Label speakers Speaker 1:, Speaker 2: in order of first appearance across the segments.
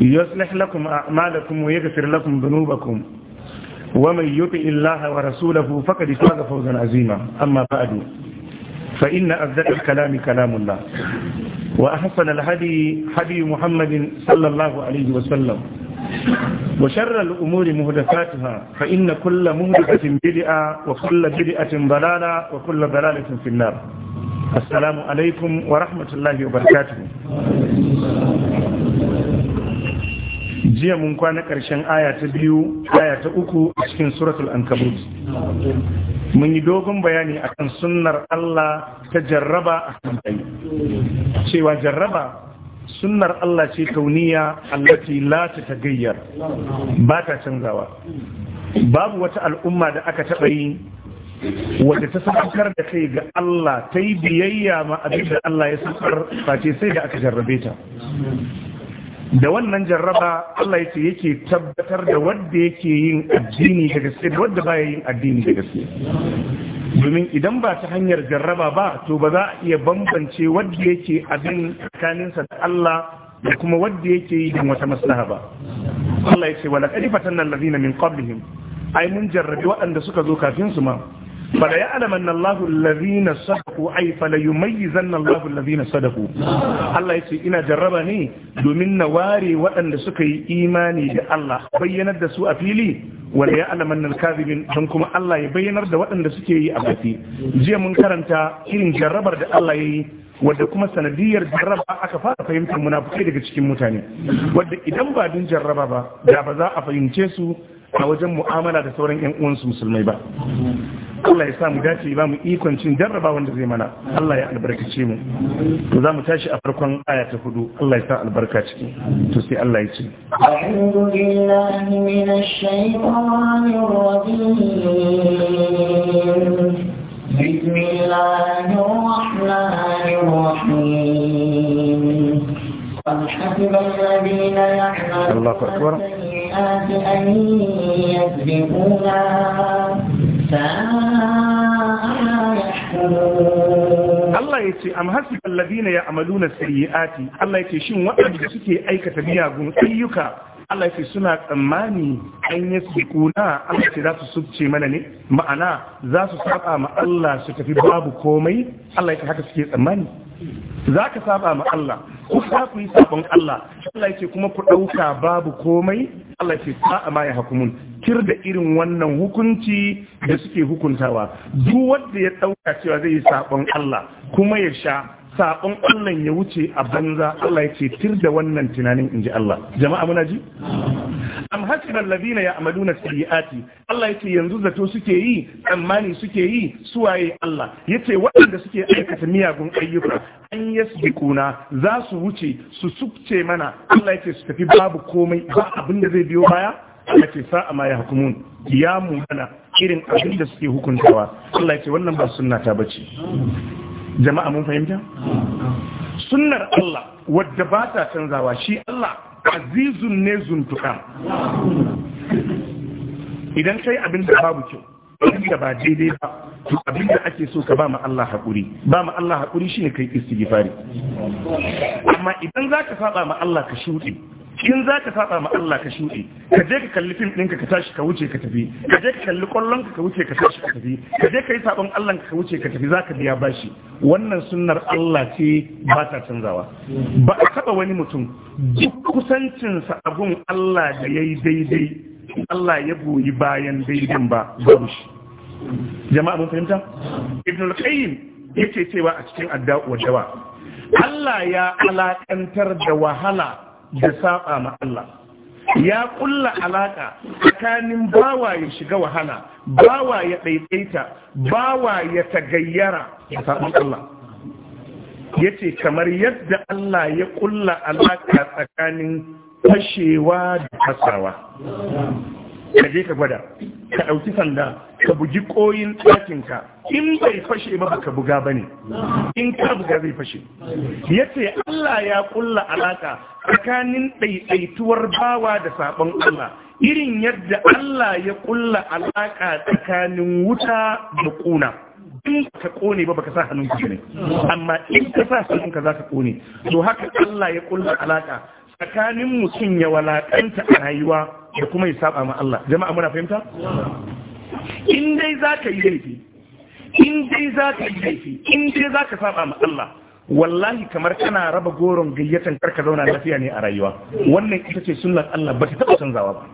Speaker 1: يصلح لكم أعمالكم ويغفر لكم ذنوبكم ومن يطع الله ورسوله فقد فاز فوزا عظيما أما بعد فإن أصدق الكلام كلام الله وأحسن الهدي هدي محمد صلى الله عليه وسلم وشر الأمور مهدفاتها فإن كل مهدفة بدعة وكل بدعة ضلالة وكل ضلالة في النار السلام عليكم ورحمة الله وبركاته jiya mun kwana ƙarshen aya ta biyu aya ta uku a cikin suratul ankabut mun yi dogon bayani akan sunnar Allah ta jarraba a kan cewa jarraba sunnar Allah ce kauniya allati la ta tagayyar ba ta canzawa babu wata al'umma da aka taɓa yi wadda ta saukar da kai ga Allah ta yi biyayya ma abin da Allah ya sakar face sai da aka jarrabe ta da wannan jarraba Allah ya ce yake tabbatar da wadda yake yin addini da gaske da wadda baya yin addini da gaske domin idan ba ta hanyar jarraba ba to ba za a iya bambance wadda yake abin tsakaninsa da Allah da kuma wadda yake yi don wata maslaha ba Allah ya ce wala kadifatan nan min qablihim ay mun jarrabi waɗanda suka zo kafin su ma fala ya alaman Allahu allazina sadaku ay fala yumayyizan Allahu allazina sadaku Allah ina jarraba ne domin na ware waɗanda suka yi imani da Allah bayyanar da su a fili wala ya alaman alkazibin don kuma Allah ya bayyanar da waɗanda suke yi a baki jiya mun karanta irin jarrabar da Allah yayi wadda kuma sanadiyar jarraba aka fara fahimtar munafukai daga cikin mutane wadda idan ba din jarraba ba da ba za a fahimce su a wajen mu'amala da sauran yan uwansu musulmai ba Allah ya sa mu dace ba mu ikon cin jarraba wanda zai mana Allah ya albarkace mu to za mu tashi a farkon aya ta hudu Allah ya sa albarka ciki to sai Allah ya ce
Speaker 2: Bismillahirrahmanirrahim حسب الذين يعملون السيئات أن يسبقونا Allah ya ce, الله يتي alladina ya
Speaker 1: amalu na sayi'ati, Allah ya ce, "Shin waɗanda suke aikata miyagun ayyuka, Allah ya suna tsammani an yi kuna. Allah ya ce, za su subce mana ne, ma'ana za su saba ma Allah su tafi babu komai, Allah ya haka suke tsammani." za ka saba ma Allah ku za ku yi sabon Allah Allah yake kuma ku ɗauka babu komai Allah ce sa'a a maye hakumun kir da irin wannan hukunci da suke hukuntawa duk wanda ya ɗauka cewa zai yi sabon Allah kuma ya sha sabon Allah ya wuce a banza Allah yake tir da wannan tunanin inji Allah jama'a muna ji am hasiba alladhina ya'maluna sayyi'ati Allah yace yanzu zato suke yi tsammani suke yi su waye Allah yace waɗanda suke aikata miyagun ayyuka an yasbiquna za su wuce su sukce mana Allah yace su tafi babu komai ba abin da zai biyo baya Allah yace sa'a ma yahkumun ya mudana irin abin da suke hukuntawa Allah yace wannan ba sunna ta bace jama'a mun fahimta sunnar Allah wadda ba ta canzawa shi Allah azizun ne zuntuka idan kai abin da babu kyau abin da ba daidai ba to abin da ake so ka ba ma Allah haƙuri ba ma Allah haƙuri shine kai istighfari amma idan zaka saba ma Allah ka shuɗe in za ka saba ma Allah ka shuɗe ka je ka kalli fim ɗinka ka tashi ka wuce ka tafi ka je ka kalli ƙwallon ka wuce ka tashi ka tafi ka je ka yi saɓon Allah ka wuce ka tafi za ka biya bashi wannan sunnar Allah ce ba ta canzawa ba a taɓa wani mutum duk kusancinsa abun Allah da ya yi daidai Allah ya goyi bayan daidai ba babu shi jama'a mun fahimta ibn al-qayyim yake cewa a cikin addu'a wa dawa Allah ya alakantar da wahala da saba ma Allah ya kulla alaka tsakanin bawa ya shiga wahala bawa ya ɗaiɗaita bawa ya tagayyara da saban Allah ya ce kamar yadda Allah ya kulla alaka tsakanin fashewa da fasawa ka je ka gwada ka ɗauki sanda ka bugi ƙoyin ɗakinka in bai fashe ba ka buga ba ne in ka buga zai fashe ya ce Allah ya ƙulla alaƙa tsakanin ɗaiɗaituwar bawa da sabon Allah irin yadda Allah ya ƙulla alaƙa tsakanin wuta da ƙuna. in ka ƙone ba baka sa hannun ka ne amma in ka sa hannun ka zaka ƙone to haka Allah ya ƙulla alaƙa tsakanin mutum ya walaƙanta a rayuwa da kuma ya saba ma Allah jama'a muna fahimta in dai za ka yi laifi in dai za ka yi laifi in dai za saba ma Allah wallahi kamar kana raba goron gayyatan karka zauna lafiya ne a rayuwa wannan ita ce sunnar Allah ba ta taba canzawa ba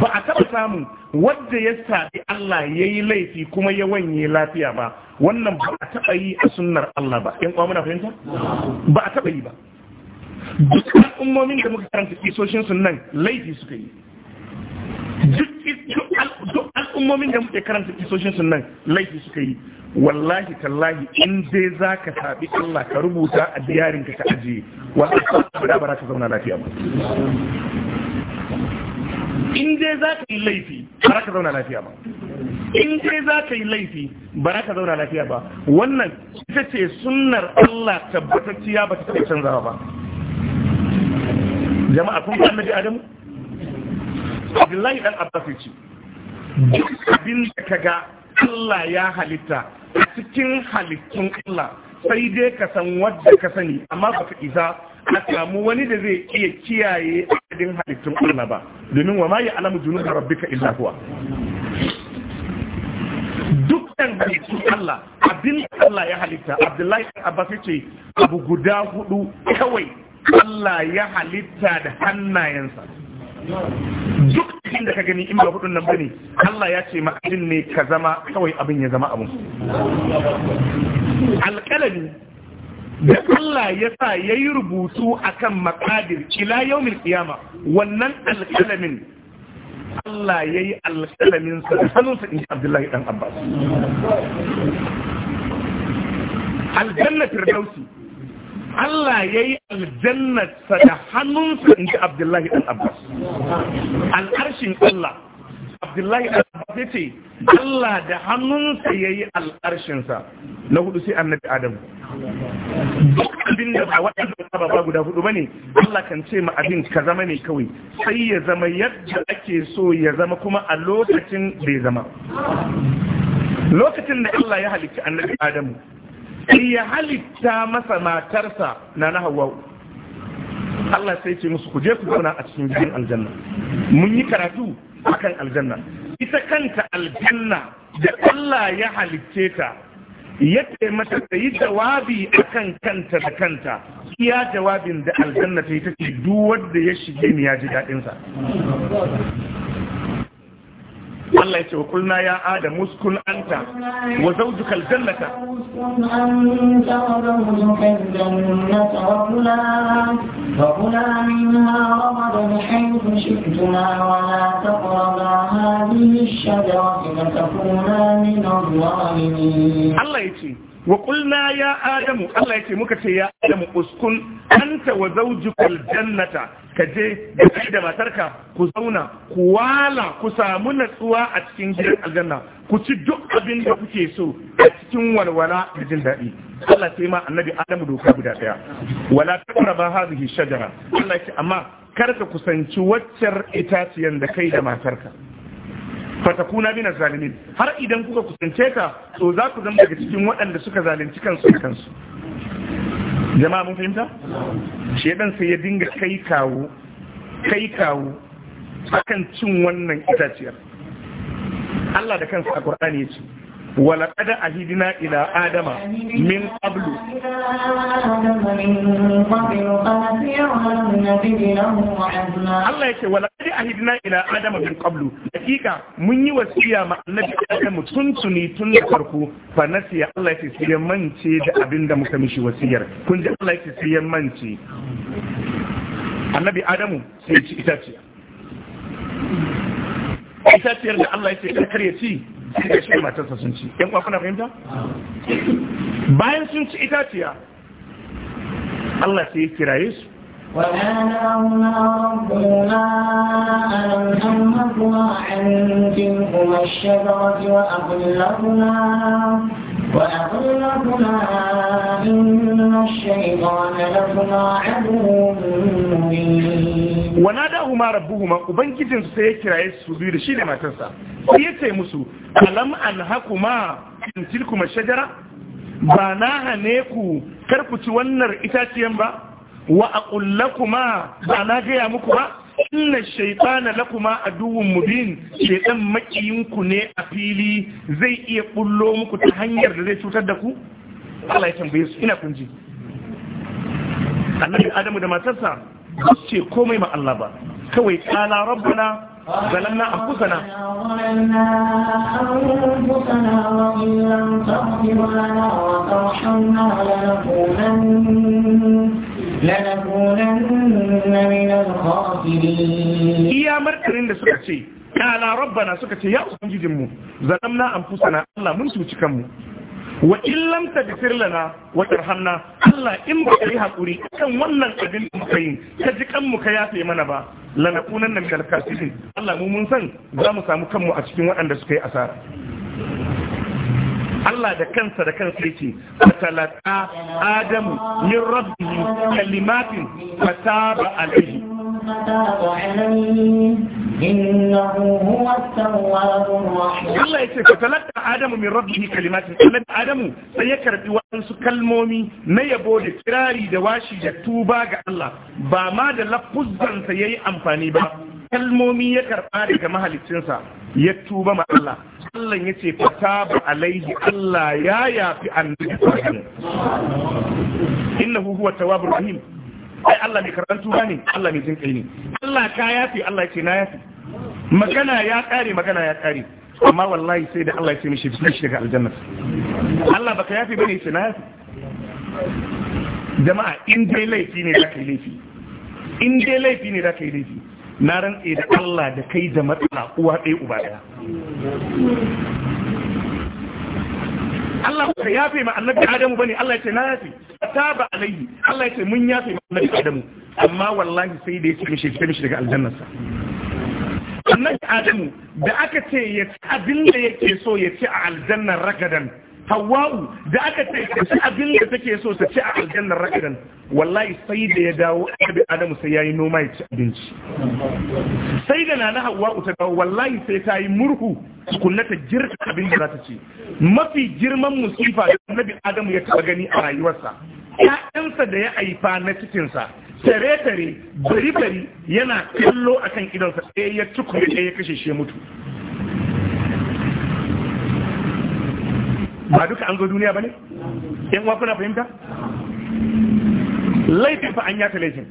Speaker 1: ba a taba samun wanda ya sabi Allah yayi laifi kuma ya wanye lafiya ba wannan ba a taba yi a sunnar Allah ba in kuma muna fahimta ba a taba yi ba duk ummomin da muka karanta kisoshin sunan laifi suka yi duk al'ummomin da muke karanta kisoshin sun nan laifi suka yi wallahi tallahi in dai za ka saɓi Allah ka rubuta a diyarin ka ka ajiye wallahi ba za ka zauna lafiya ba in dai za ka yi laifi ba za ka zauna lafiya ba in dai za ka yi laifi ba za ka zauna lafiya ba wannan ita ce sunnar Allah tabbatacciya ba ta canzawa ba jama'a kun ga annabi Adamu abdullahi dan abbas ce duk abin da kaga Allah ya halitta a cikin halittun Allah sai dai ka san wadda ka sani amma ba ka isa a samu wani da zai iya kiyaye adadin halittun Allah ba domin wa ma ya alamu junuba rabbika illa huwa dukkan halittun Allah abin Allah ya halitta Abdullahi Abbas ce abu guda hudu kawai Allah ya halitta da hannayensa duk cikin da ka gani in ba hudun nan bane Allah ya ce ma'ajin ne ka zama kawai abin ya zama abin alƙalami da Allah ya sa ya yi rubutu akan makadir ila mil ƙiyama. wannan alƙalamin Allah ya yi alƙalaminsa da hannunsa in Abdullahi ɗan Abbas. Aljanna Dausi, Allah ya yi aljannarsa da hannunsa in ji Abdullahi ɗan Al'arshin Allah, Abdullahi ɗan ya ce, Allah da hannunsa ya yi al'arshinsa na hudu sai annabi Adamu. Duk abin da ba waɗannan ababa guda hudu ba ne, Allah kan ce ma abin ka zama ne kawai, sai ya zama yadda ake so ya zama kuma a lokacin da ya zama. Lokacin da Allah ya halitta annabi Adamu, sai ya halitta masa matarsa na na hawa Allah sai ce musu ku je ku zauna a cikin gidan aljanna mun yi karatu akan aljanna ita kanta aljanna da Allah ya halicce ta ya mata ta yi jawabi akan kanta da kanta iya jawabin da aljanna ta yi ta ce duk wanda ya shige ni ya ji daɗinsa الله يتوى قلنا يا آدم اسكن أنت وزوجك الجنة
Speaker 2: أنت وزوجك الجنة وقلا وقلا منها رمضا حيث شئتما ولا تقربا هذه الشجرة فتكونا من الظالمين الله يتوى wa ya adamu Allah yake muka ce ya adamu
Speaker 1: uskun anta wa zawjukal Ka je da kai da matarka ku zauna ku wala ku samu natsuwa a cikin gidan aljanna ku ci duk abinda da kuke so a cikin walwala da jin daɗi Allah sai ma annabi adamu doka guda ɗaya. wala taqraba hadhihi shajara Allah yake amma kar ka kusanci waccar itaciyan da kai da matarka fatakuna mina zalimin har idan kuka kusance ka to za ku zama daga cikin waɗanda suka zalunci kansu da kansu jama'a mun fahimta shedan sai ya dinga kai kawo kai kawo akan cin wannan itaciyar Allah da kansa a Qur'ani ya ce ولقد عهدنا ila Adama min
Speaker 2: قبل Allah ya ce wala kadi
Speaker 1: ahidna ila adama min qablu hakika mun yi wasiya ma annabi Adamu tun tuni tun da farko fa nasiya Allah ya ce sai ya mance da abinda muka mishi wasiyar kun ji Allah ya siyan sai ya mance annabi Adamu sai ci itaciya itaciyar da Allah ya ce kar ya ci da shi matarsa sun ci yan kuna fahimta bayan sun ci itaciya Allah sai ya kiraye su
Speaker 2: ونادى ربنا أن أنهكما عن wana da' huma Rabbu huma uban
Speaker 1: gidan su sai ya kiraye su biyu da shi da matarsa? Siya sai musu, 'Alam alhaƙu ma! Kuma yankun ku ma sha'ara? Ba na hane ku, kar wannan itaciyar ba? Wa'aƙulle kuma ba na gaya muku ba? inna shaitana lakuma aduwwun mubin shaitan makiyinku ne a fili zai iya bullo muku ta hanyar da zai cutar da ku Allah ya tambaye su ina kun ji annabi adamu da matarsa ba ce komai ma Allah ba kawai kana rabbana ظلمنا أنفسنا
Speaker 2: وإن لم لنكونن من
Speaker 1: da suka ce kala rabbana suka ce ya ubangijin mu zalamna anfusana Allah mun cuci kanmu wa in lam tagfir lana wa tarhamna Allah in ba ka yi haƙuri kan wannan abin da muka yi ka ji kanmu ka yafe mana ba lanakunan nan kalkasirin Allah mu mun san za mu samu kanmu a cikin waɗanda suka yi asara Allah da kansa da kansa yake fatalaka adamu min rabbihi kalimatin fataba alaihi
Speaker 2: Allah ya ce fatalaka adamu min
Speaker 1: rabbihi kalimatin Allah adamu sai ya karbi waɗansu kalmomi na yabo da kirari da washi da tuba ga Allah ba ma da lafuzzansa yi amfani ba kalmomi ya karɓa daga mahalicinsa ya tuba ma Allah Allah ya ce ta ba alaihi Allah ya yafi annabi Ibrahim innahu huwa tawwabur rahim ai Allah mai karantu ne Allah mai jinkai ne Allah ka yafi Allah ya ce na yafi magana ya kare magana ya kare amma wallahi sai da Allah ya ce mishi bismi shiga aljanna Allah baka yafi bane ya ce na yafi jama'a in dai laifi ne zaka yi laifi in dai laifi ne zaka yi laifi na rantse da Allah da kai da matsala uwa ɗaya uba ɗaya Allah ya fi ma annabi Adamu ne. Allah ya ce na ta taba alayi, Allah ya ce mun yafe ma annabi Adamu amma wallahi sai da ya ce mishi fita mishi daga aljannarsa annabi Adamu da aka ce ya ci abin da yake so ya ci a aljannar ragadan hawa'u da aka ce ta ci abin da take so ta ci a aljannar ra'idan wallahi sai da ya dawo abin adamu sai yayi noma ya ci abinci sai da na nana hawa'u ta dawo wallahi sai ta yi murhu tukunna ta girka abin da za ta ci mafi girman musifa da annabi adamu ya taba gani a rayuwarsa ƴaƴansa da ya aifa na cikinsa tare-tare bari-bari yana kallo akan idonsa ɗaya ya tukure ɗaya ya kashe shi mutu ba duka an zo duniya ba ne yan uwa kuna fahimta laifin fa an yata laifin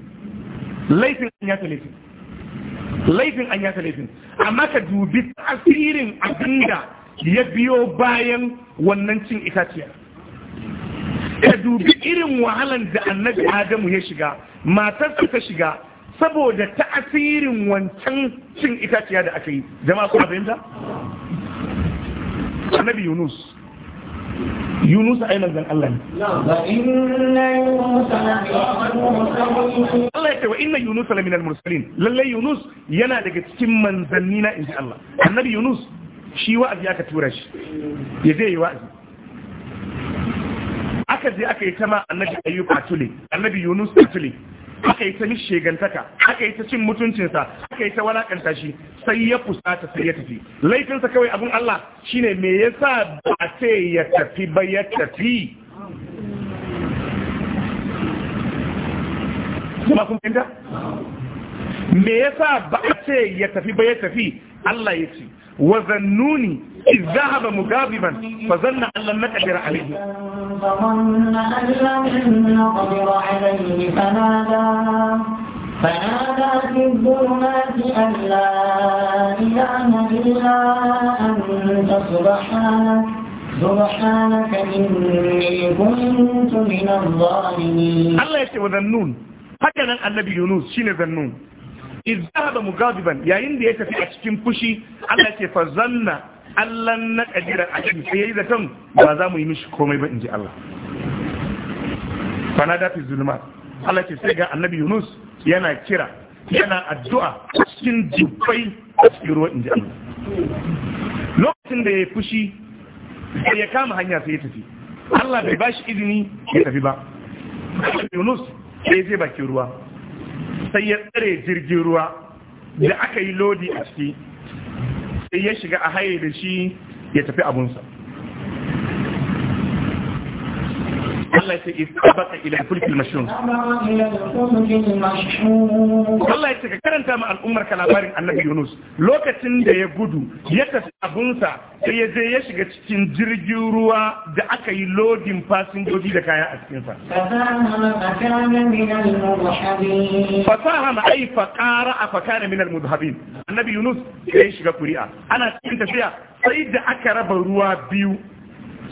Speaker 1: laifin an yata laifin laifin an yata laifin amma ka dubi tasirin abinda ya biyo bayan wannan cin itaciya. ka dubi irin wahalan da annabi adamu ya shiga matarsa ta shiga saboda ta'asirin wancan cin itaciya da aka yi jama'a kuma fahimta annabi yunus yunus ai manzon Allah ne Allah ya ce wa inna yunus la minal yunus yana daga cikin manzanni na inji Allah annabi yunus shi wa'azi aka tura shi ya je yi wa'azi aka je aka yi tama annabi ayyuka tule annabi yunus aka yi ta mishi shegantaka aka yi ta cin mutuncinsa aka yi ta walakanta shi sai ya fusata sai ya tafi laifinsa kawai abin Allah shine me yasa ba a ce ya tafi ba ya tafi kuma kun fahimta me yasa ba sai ya tafi ba ya tafi Allah ya ce wa zannuni إذ ذهب مجاذبا فظن أن لم نقدر عليه
Speaker 2: فظن أن لم نقدر عليه فنادى فنادى في الظلمات أن لا إله إلا أنت سبحانك سبحانك إني كنت من الظالمين الله
Speaker 1: يتوى ذنون هكذا النبي يونس شين ذنون إذ ذهب مغاضبا يا إندي يتفي أتكين فشي الله يتفى ظن Allah na ƙadirar a cikin sai ya yi zaton ba za mu yi mishi komai ba in ji Allah fana da zulma Allah ce sai ga annabi Yunus yana kira yana addu'a cikin dubbai a cikin ruwa in ji Allah lokacin da ya fushi sai ya kama hanya sai ya tafi Allah bai bashi izini ya tafi ba Yunus sai ya je bakin ruwa sai ya tsare jirgin ruwa da aka yi lodi a ciki sai ya shiga a haye da shi ya tafi abunsa Allah ce isabaka ila fulki mashhur Allah ya ka karanta ma al'ummar ka labarin Annabi Yunus lokacin da ya gudu ya tafi abunsa sai ya je ya shiga cikin jirgin ruwa da aka yi lodin fasinjoji da kaya a cikin sa fasaha ma ai fa qara fa kana min al-mudhabin Annabi Yunus ya shiga kuri'a ana cikin tafiya sai da aka raba ruwa biyu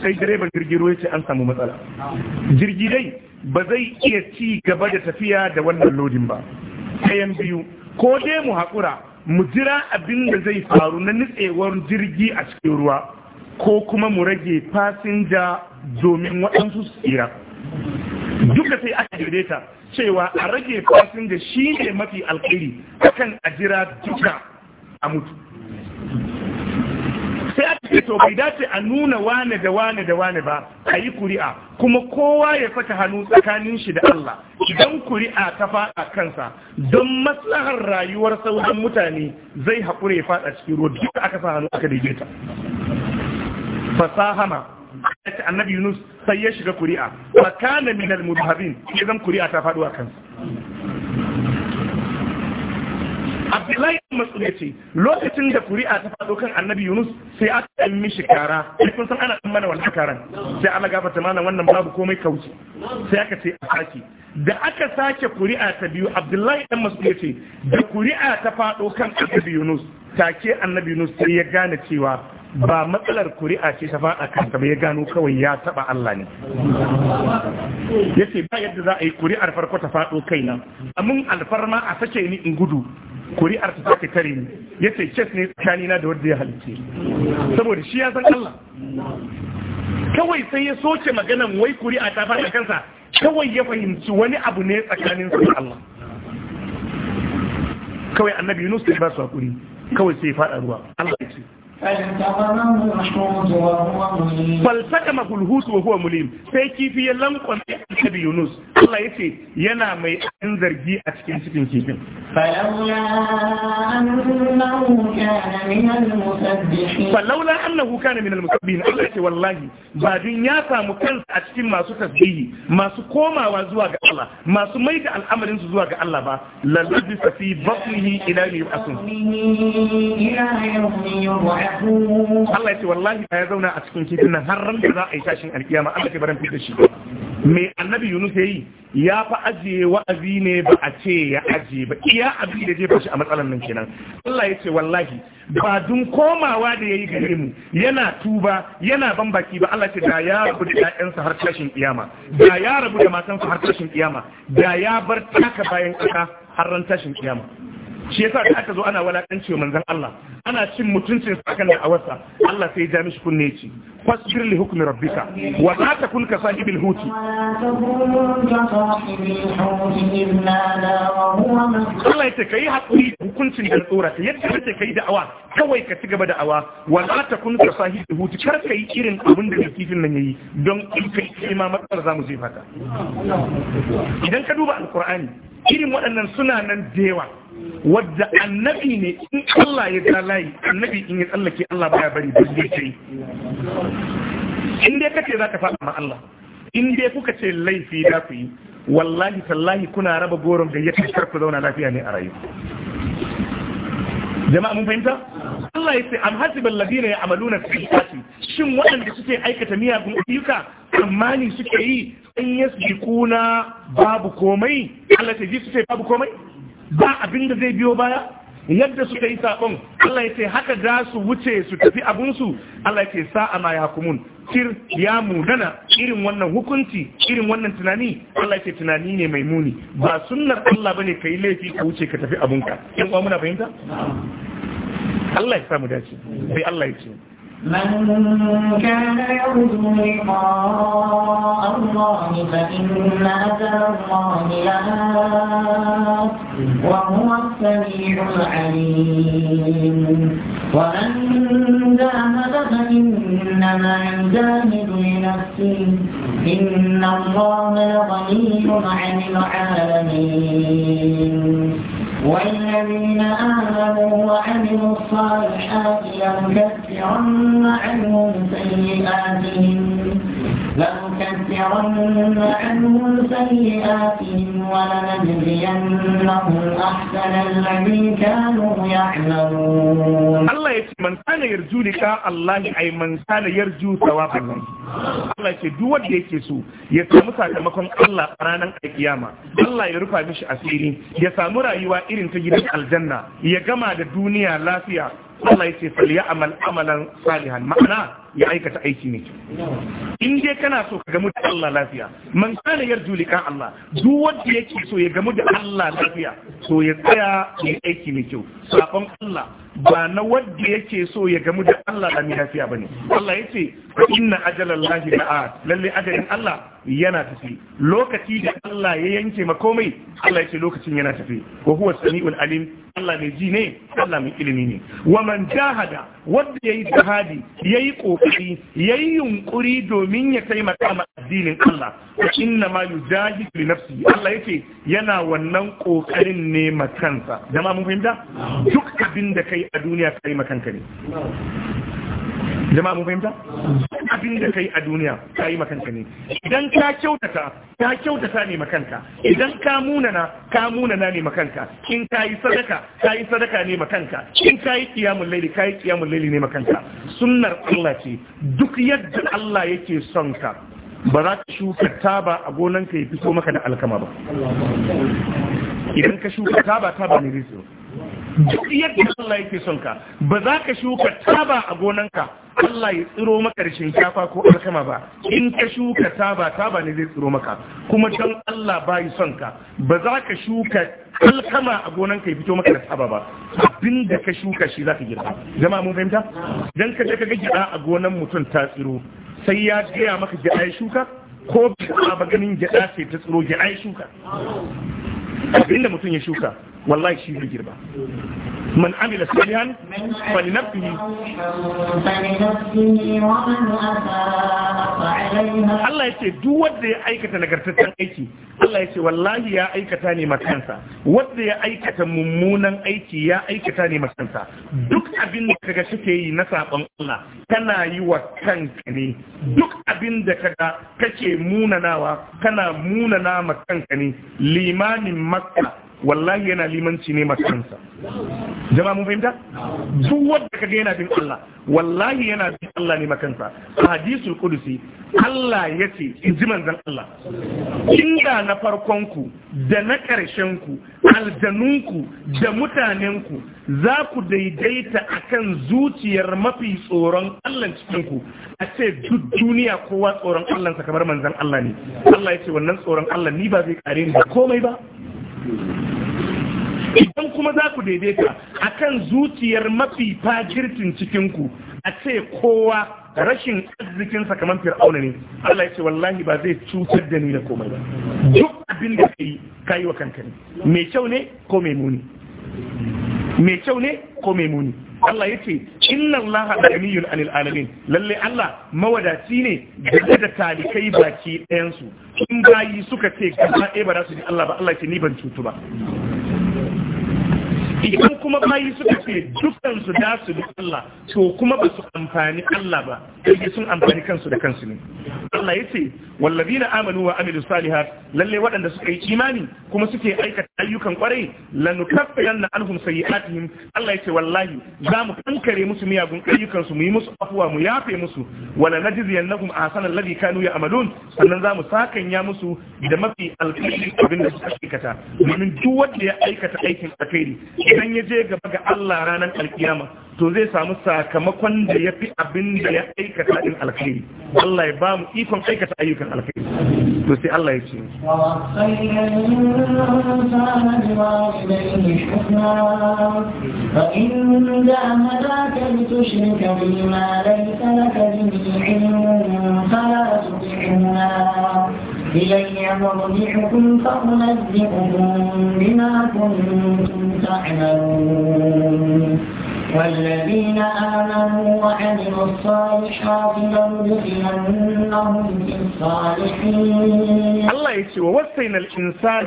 Speaker 1: sai direban jirgin ruwa ce an samu matsala jirgi dai ba zai iya ci gaba da tafiya da wannan lodin ba ɗayan biyu ko dai mu haƙura mu jira abin da zai faru na nitsewar jirgi a cikin ruwa ko kuma mu rage fasinja domin waɗansu su tsira duk da sai aka ta cewa a rage fasinja shi ne mafi alkhairi akan a jira duka a mutu ce to bai dace a nuna wane da wane da wane ba a yi kuri'a kuma kowa ya saka hannu tsakanin shi da Allah idan kuri'a ta faɗa kansa don maslahar rayuwar sauran mutane zai haƙure ya faɗa cikin ruwa duk aka sa hannu aka daidaita fasahama ce annabi Yunus sai ya shiga kuri'a fa kana minal mudhabin idan kuri'a ta faɗo a kansa
Speaker 3: abdullahi masu ya
Speaker 1: ce lokacin da kuri'a ta faɗo kan annabi yunus sai aka yi mishi kara kun san ana mana wani karan sai ana gafata mana wannan babu komai kauce sai aka ce a sake da aka sake kuri'a ta biyu abdullahi dan masu ce da kuri'a ta faɗo kan annabi yunus take annabi yunus sai ya gane cewa ba matsalar kuri'a ce safa faɗa kanta ba ya gano kawai ya taɓa Allah ne ya ce ba yadda za a yi kuri'ar farko ta faɗo kai nan amin alfarma a sake ni in gudu kuri'ar ta sake tare ni ya ce kes ne tsakanina da wadda ya halice saboda shi ya san Allah kawai sai ya soke maganan wai kuri'a ta faɗa kansa kawai ya fahimci wani abu ne tsakanin su Allah kawai annabi Yunus sai ba su hakuri kawai sai ya faɗa ruwa Allah ya ce falsaka mahulhutu wa huwa mulim sai kifi ya lankon da annabi yunus Allah ya ce yana mai an zargi a cikin cikin kifin falaula
Speaker 2: na kana
Speaker 1: min al-musabbihin Allah ce wallahi ba dun ya samu kansa a cikin masu tasbihi masu komawa zuwa ga Allah masu mai da al'amarin su zuwa ga Allah ba lallabi fi batnihi ila yub'asun
Speaker 2: Allah
Speaker 1: ya ce wallahi ya zauna a cikin kifin nan har ran da za a yi tashin alkiyama Allah ke barin fitar shi me annabi Yunus yayi ya fa ajiye wa'azi ne ba a ce ya ajiye ba iya abin da jefa shi a matsalan nan kenan Allah ya ce wallahi ba dun komawa da yayi gare mu yana tuba yana ban baki ba Allah ce da ya rabu da sa har tashin kiyama da ya rabu da matansa har tashin kiyama da ya bar taka bayan kasa har ran tashin kiyama shi yasa da aka zo ana walakanci wa manzon Allah ana cin mutuncin sa kan da'awarsa Allah sai ya ja mishi kunne ci fasbir li hukmi rabbika wa la takun ka sahibil huti
Speaker 2: Allah ya kai hakuri
Speaker 1: hukuncin da tsora ta yadda kake kai da'awa kawai ka ci gaba da'awa wa la takun ka sahibil huti kar ka yi irin abin da kifin nan yayi don in kai kai ma matsalar zamu jefa ka idan ka duba alqur'ani irin waɗannan suna nan da yawa wadda annabi ne in Allah ya ta layi annabi in ya tsallake Allah baya bari ba zai ce in dai kace zaka fada ma Allah in dai kuka ce laifi da ku yi wallahi tallahi kuna raba goron da yake kar ku zauna lafiya ne a rayuwa jama'a mun fahimta Allah ya ce am hasiba alladhina ya'maluna sayyi'ati shin waɗanda suke aikata miyagun ayyuka tsammani suke yi an yasbiquna babu komai Allah ta ji suke babu komai ba abin da zai biyo baya yadda suka yi sabon Allah ya ce haka da su wuce su tafi abinsu Allah ya ce sa'a ma ya kumun kir ya munana irin wannan hukunci irin wannan tunani Allah ya ce tunani ne mai muni ba sunnar Allah bane kai laifi ka wuce ka tafi abunka in ba muna fahimta Allah ya samu dace sai Allah ya ce
Speaker 2: من كان يرجو لقاء الله فإن أجل الله لآت وهو السميع العليم ومن جاهد فإنما يجاهد لنفسه إن الله لغني عن العالمين الصالحات لنكفرن عنهم سيئاتهم لنكفرن عنهم سيئاتهم ولنجزينهم أحسن الذي كانوا يعملون الله يتي من كان يرجو Allah الله أي من كان يرجو ثواب
Speaker 1: Allah ya ce duk wanda yake so ya samu sakamakon Allah a ranar kiyama Allah ya rufa mishi asiri ya samu rayuwa irin ta gidan aljanna ya gama da duniya lafiya Allah ya ce "Faliya amal amalan salihan ma'ana ya aikata aiki ne in dai kana so ka gamu da Allah lafiya man kana yarju liqa Allah duk wanda yake so ya gamu da Allah lafiya so ya tsaya ya aiki ne kyau sabon Allah ba na wanda yake so ya gamu da Allah da lafiya bane Allah yace inna ajalan lahi la'at lalle ajalin Allah yana tafi lokaci da Allah ya yanke ma komai Allah ya ce lokacin yana tafi wa huwa samiul alim Allah mai ji ne Allah mai ilimi ne wa man jahada wanda yayi jihadi yayi kokari yayi yunkuri domin ya kai ma addinin Allah inna ma yujahid li nafsi Allah yake yana wannan kokarin ne ma kansa jama'a mun fahimta duk abin da kai a duniya kai ma ne jama'a mun fahimta abin da kai a duniya ka yi makanka ne idan ka kyautata ka kyautata ne makanka idan ka munana ka munana ne makanka in ka yi sadaka ka yi sadaka ne makanka in ka yi kiyamun laili ka yi kiyamun laili ne makanka sunnar Allah ce duk yadda Allah yake son ka ba za ka shuka taba a gonanka ya fito maka da alkama ba idan ka shuka taba taba ne rizo duk yadda Allah yake son ka ba za ka shuka taba a gonanka Allah ya tsiro maka da shinkafa ko alkama ba in ka shuka taba taba ne zai tsiro maka kuma can Allah ba yi son ka ba za ka shuka alkama a gonanka ya fito maka da taba ba abin da ka shuka shi za ka girma, jama'a mun fahimta dan ka je ka ga gida a gonan mutum ta tsiro sai ya gaya maka gida ya shuka ko ba ganin gida sai ta tsiro gida ya shuka abin da mutum ya shuka wallahi shi zai girba man amila salihan fali nafsihi Allah ya ce duk wanda ya aikata nagartaccen aiki Allah ya ce wallahi ya aikata ne makansa wanda ya aikata mummunan aiki ya aikata ne makansa duk abin da kaga kake yi na sabon Allah kana yi wa kanka ne duk abin da kaga kake munanawa kana munana ma ne limamin makka wallahi yana limanci ne kansa. jama'a mun fahimta duk wanda kaga yana bin Allah wallahi yana bin Allah ne makansa a hadisul kudusi Allah ce, inji manzon Allah inda na farkon ku da na karshen ku aljanunku da mutanen ku za ku daidaita akan zuciyar mafi tsoron Allah cikin ku a ce duk duniya kowa tsoron Allah sa kamar manzon Allah ne Allah ya ce wannan tsoron Allah ni ba zai kare ni da komai ba idan kuma za ku daidaita a kan zuciyar mafi fajirtin cikinku a ce kowa rashin arzikinsa kamar fir'auna ne Allah ya ce wallahi ba zai cutar da ni da komai ba duk abin da ka yi ka wa kanka mai kyau ne ko mai muni mai kyau ne ko mai muni Allah ya ce inna Allah ganiyun anil alamin lalle Allah mawadaci ne da da talikai baki ɗayansu in bayi suka ce gaba ɗaya ba za su ji Allah ba Allah ya ce ni ban cutu ba Yeah. kuma bayi suka ce dukansu da su bi Allah to kuma ba su amfani Allah ba sai sun amfani kansu da kansu ne Allah yace wallazina amanu wa amilu salihat lalle waɗanda suka yi imani kuma suke aikata ayyukan kwarai lanukaffiranna anhum sayi'atihim Allah yace wallahi za mu kankare musu miyagun ayyukan su mu yi musu afuwa mu yafe musu wala najziyannahum ahsana alladhi kanu ya'malun sannan za mu sakanya musu da mafi alkhairi abin da suka aikata domin duk wanda ya aikata aikin alkhairi idan ya je je gaba ga Allah ranar alkiyama to zai samu sakamakon da ya fi abin da ya aikata in alkhairi Allah ya ba mu ikon aikata ayyukan alkhairi to sai Allah ya ce
Speaker 2: فإن إلي مرجعكم فأنزعكم بما كنتم تعملون والذين آمنوا وعملوا الصالحات لندخلنهم في الصالحين الله يسوى وصينا الإنسان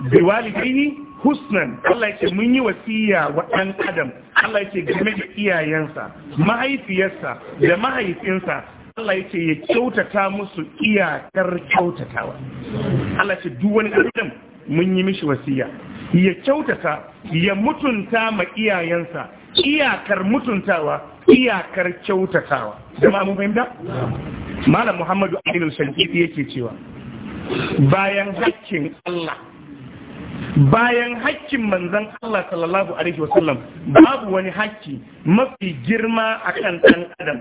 Speaker 1: بوالديه حسنا الله ya ce mun yi wasiya wa ɗan adam Allah ya ce game da iyayensa mahaifiyarsa da mahaifinsa Allah ya ce ya kyautata musu iyakar kyautatawa Allah ce duk wani adam mun yi mishi wasiya ya kyautata ya mutunta ma iyayensa iyakar mutuntawa iyakar kyautatawa jama'a mun fahimta malam muhammadu aminu shankiti yake cewa bayan hakkin Allah bayan hakkin manzan Allah sallallahu alaihi wasallam babu wani hakki mafi girma akan ɗan adam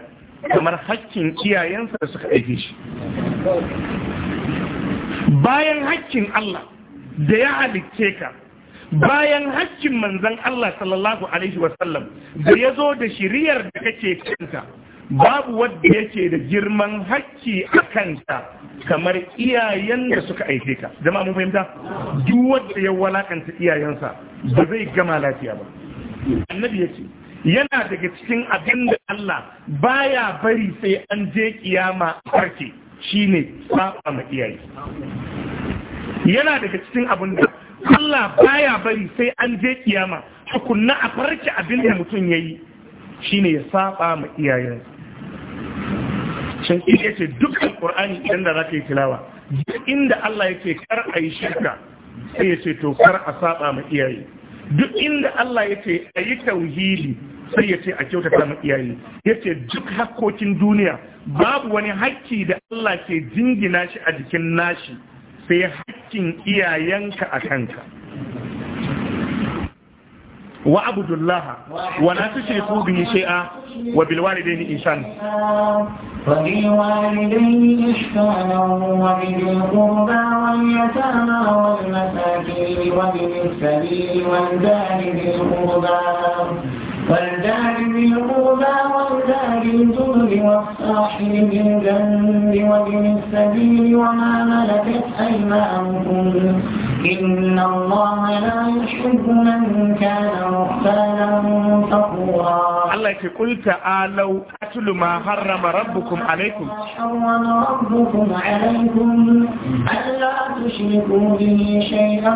Speaker 1: kamar hakkin iyayensa da suka aike shi bayan hakkin Allah da ya halicce ka bayan hakkin manzan Allah sallallahu alaihi wasallam da ya zo da shiriyar da kake kanta babu wadda yake da girman hakki a kanta kamar iyayen da suka aike ka jama'a mun fahimta duk wadda ya walakanta iyayensa ba zai gama lafiya ba annabi yake yana daga cikin abin da Allah baya bari sai an je kiyama a farke shine saba ma iyaye yana daga cikin abin da Allah baya bari sai an je kiyama tukunna a farke abin da mutum yayi shine ya saba ma iyayensa shin iya ce duk Qur'ani idan da zaka yi tilawa inda Allah yake kar a yi shirka sai ya ce to kar a saba ma iyaye duk inda Allah ya ce a yi tauhidi sai ya ce a kyautata ma iyaye ya ce duk hakkokin duniya babu wani hakki da Allah ke jingina shi a jikin nashi sai hakkin iyayenka a kanka wa abdullaha wa la tushriku bihi shay'a wa bil walidayni ihsan
Speaker 2: فبالوالدين إحسانا وبذي القربى واليتامى والمساكين وبن السبيل والجار ذي القربى والدار بالقربى والدار الجبر والصاحب بالجنب وابن السبيل وما ملكت أيمانكم إن الله لا يحب من كان مختالا فخورا الله يقول تعالوا أتل ما حرم ربكم عليكم حرم ربكم عليكم ألا تشركوا به شيئا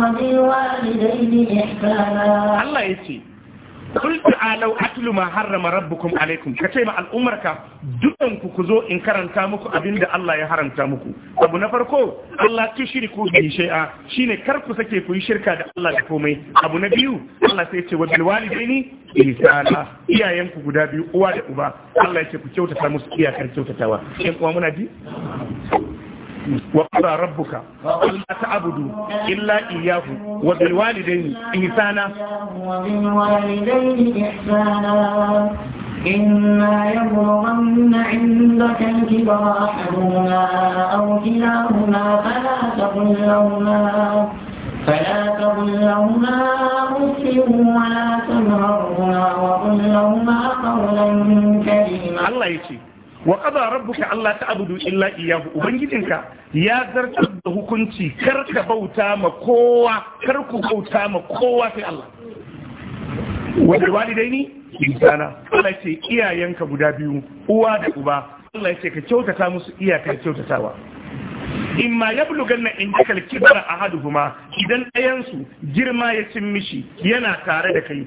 Speaker 2: وبالوالدين إحسانا الله يقول
Speaker 1: kul alau atlu ma harrama rabbukum alaikum ka ce ma al'ummarka dukan ku ku zo in karanta muku abinda Allah ya haramta muku abu na farko Allah ki shirku bi shay'a shine kar ku sake ku yi shirka da Allah da komai abu na biyu Allah sai ya ce wa bil walidaini ihsana iyayen ku guda biyu uwa da uba Allah ya ce ku kyautata musu iyakar kyautatawa in uwa muna ji وقضى ربك ألا تعبدوا إلا إياه وبالوالدين إحسانا
Speaker 2: وبالوالدين إحسانا إما يبلغن عندك الكبر أحدهما أو كلاهما فلا تقل لهما فلا تقل لهما أف ولا تنهرهما وقل لهما قولا كريما الله يكفيك. wa qada rabbuka alla
Speaker 1: ta'budu illa iyyahu ubangijinka ya zartar da hukunci kar ka bauta ma kowa kar ku bauta ma kowa sai Allah wa walidaini
Speaker 3: insana
Speaker 1: Allah ce iyayenka guda biyu uwa da uba Allah ya ce ka kyautata musu iyaka kyautatawa in ma ya bulugan na in jikal kibara a hadu haduhuma idan ɗayansu girma ya cin mishi yana tare da kai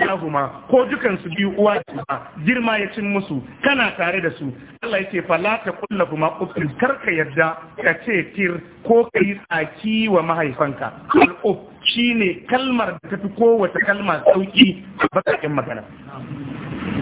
Speaker 1: na huma ko dukansu biyu uwa girma ya cin musu kana tare da su Allah ya ce fala ta kulla kuma uffin karka yadda ka ce tir ko ka yi tsaki wa mahaifanka al'uf shine kalmar da ta fi kowace kalma sauki a bakakin magana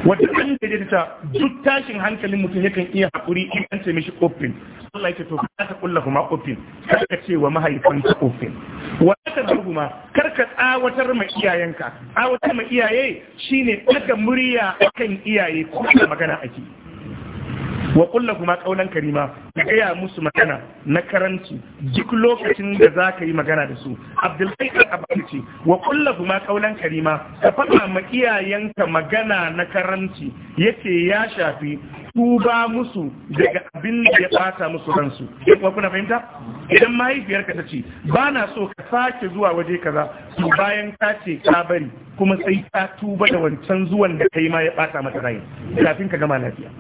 Speaker 1: wata ya daidaita duk tashin hankalin mutum yakan iya haƙuri in an sami mishi ofin Allah ya ce to ka ta kulla kuma ofin ka ce wa ka ofin wa ta ma kar ka tsawatar ma iyayenka tsawatar ma iyaye shine daga murya akan iyaye ko magana ake wa kulla kuma kaunan karima ka gaya musu magana na karanci duk lokacin da za ka yi magana da su abdullahi al ce wa kulla kuma kaunan karima ka faɗa ma iyayenka magana na karanci yace ya shafi tuba musu daga abin da ya ɓata musu ransu kuma kuna fahimta idan mahaifiyarka ta ce ba na so ka sake zuwa waje kaza to bayan ka ce ka bari kuma sai ka tuba da wancan zuwan da kai ma ya ɓata mata rai kafin ka gama lafiya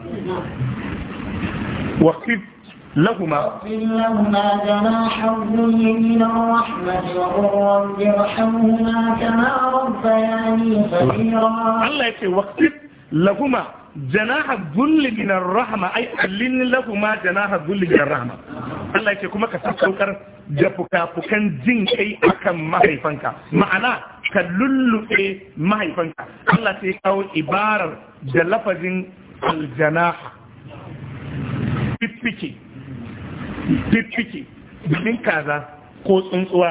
Speaker 1: واخفض لهما
Speaker 2: لهما جناح الذل من الرحمة رب ارحمهما كما ربياني الله
Speaker 1: يقول واخفض لهما جناح الذل من الرحمة أي علن لهما جناح الذل من الرحمة الله يقول كما كتبتوكر jafuka-fukan jin kai akan mahaifanka ma'ana ka lulluɓe mahaifanka Allah sai kawo ibarar da lafazin aljanaha fiffike fiffike domin kaza ko tsuntsuwa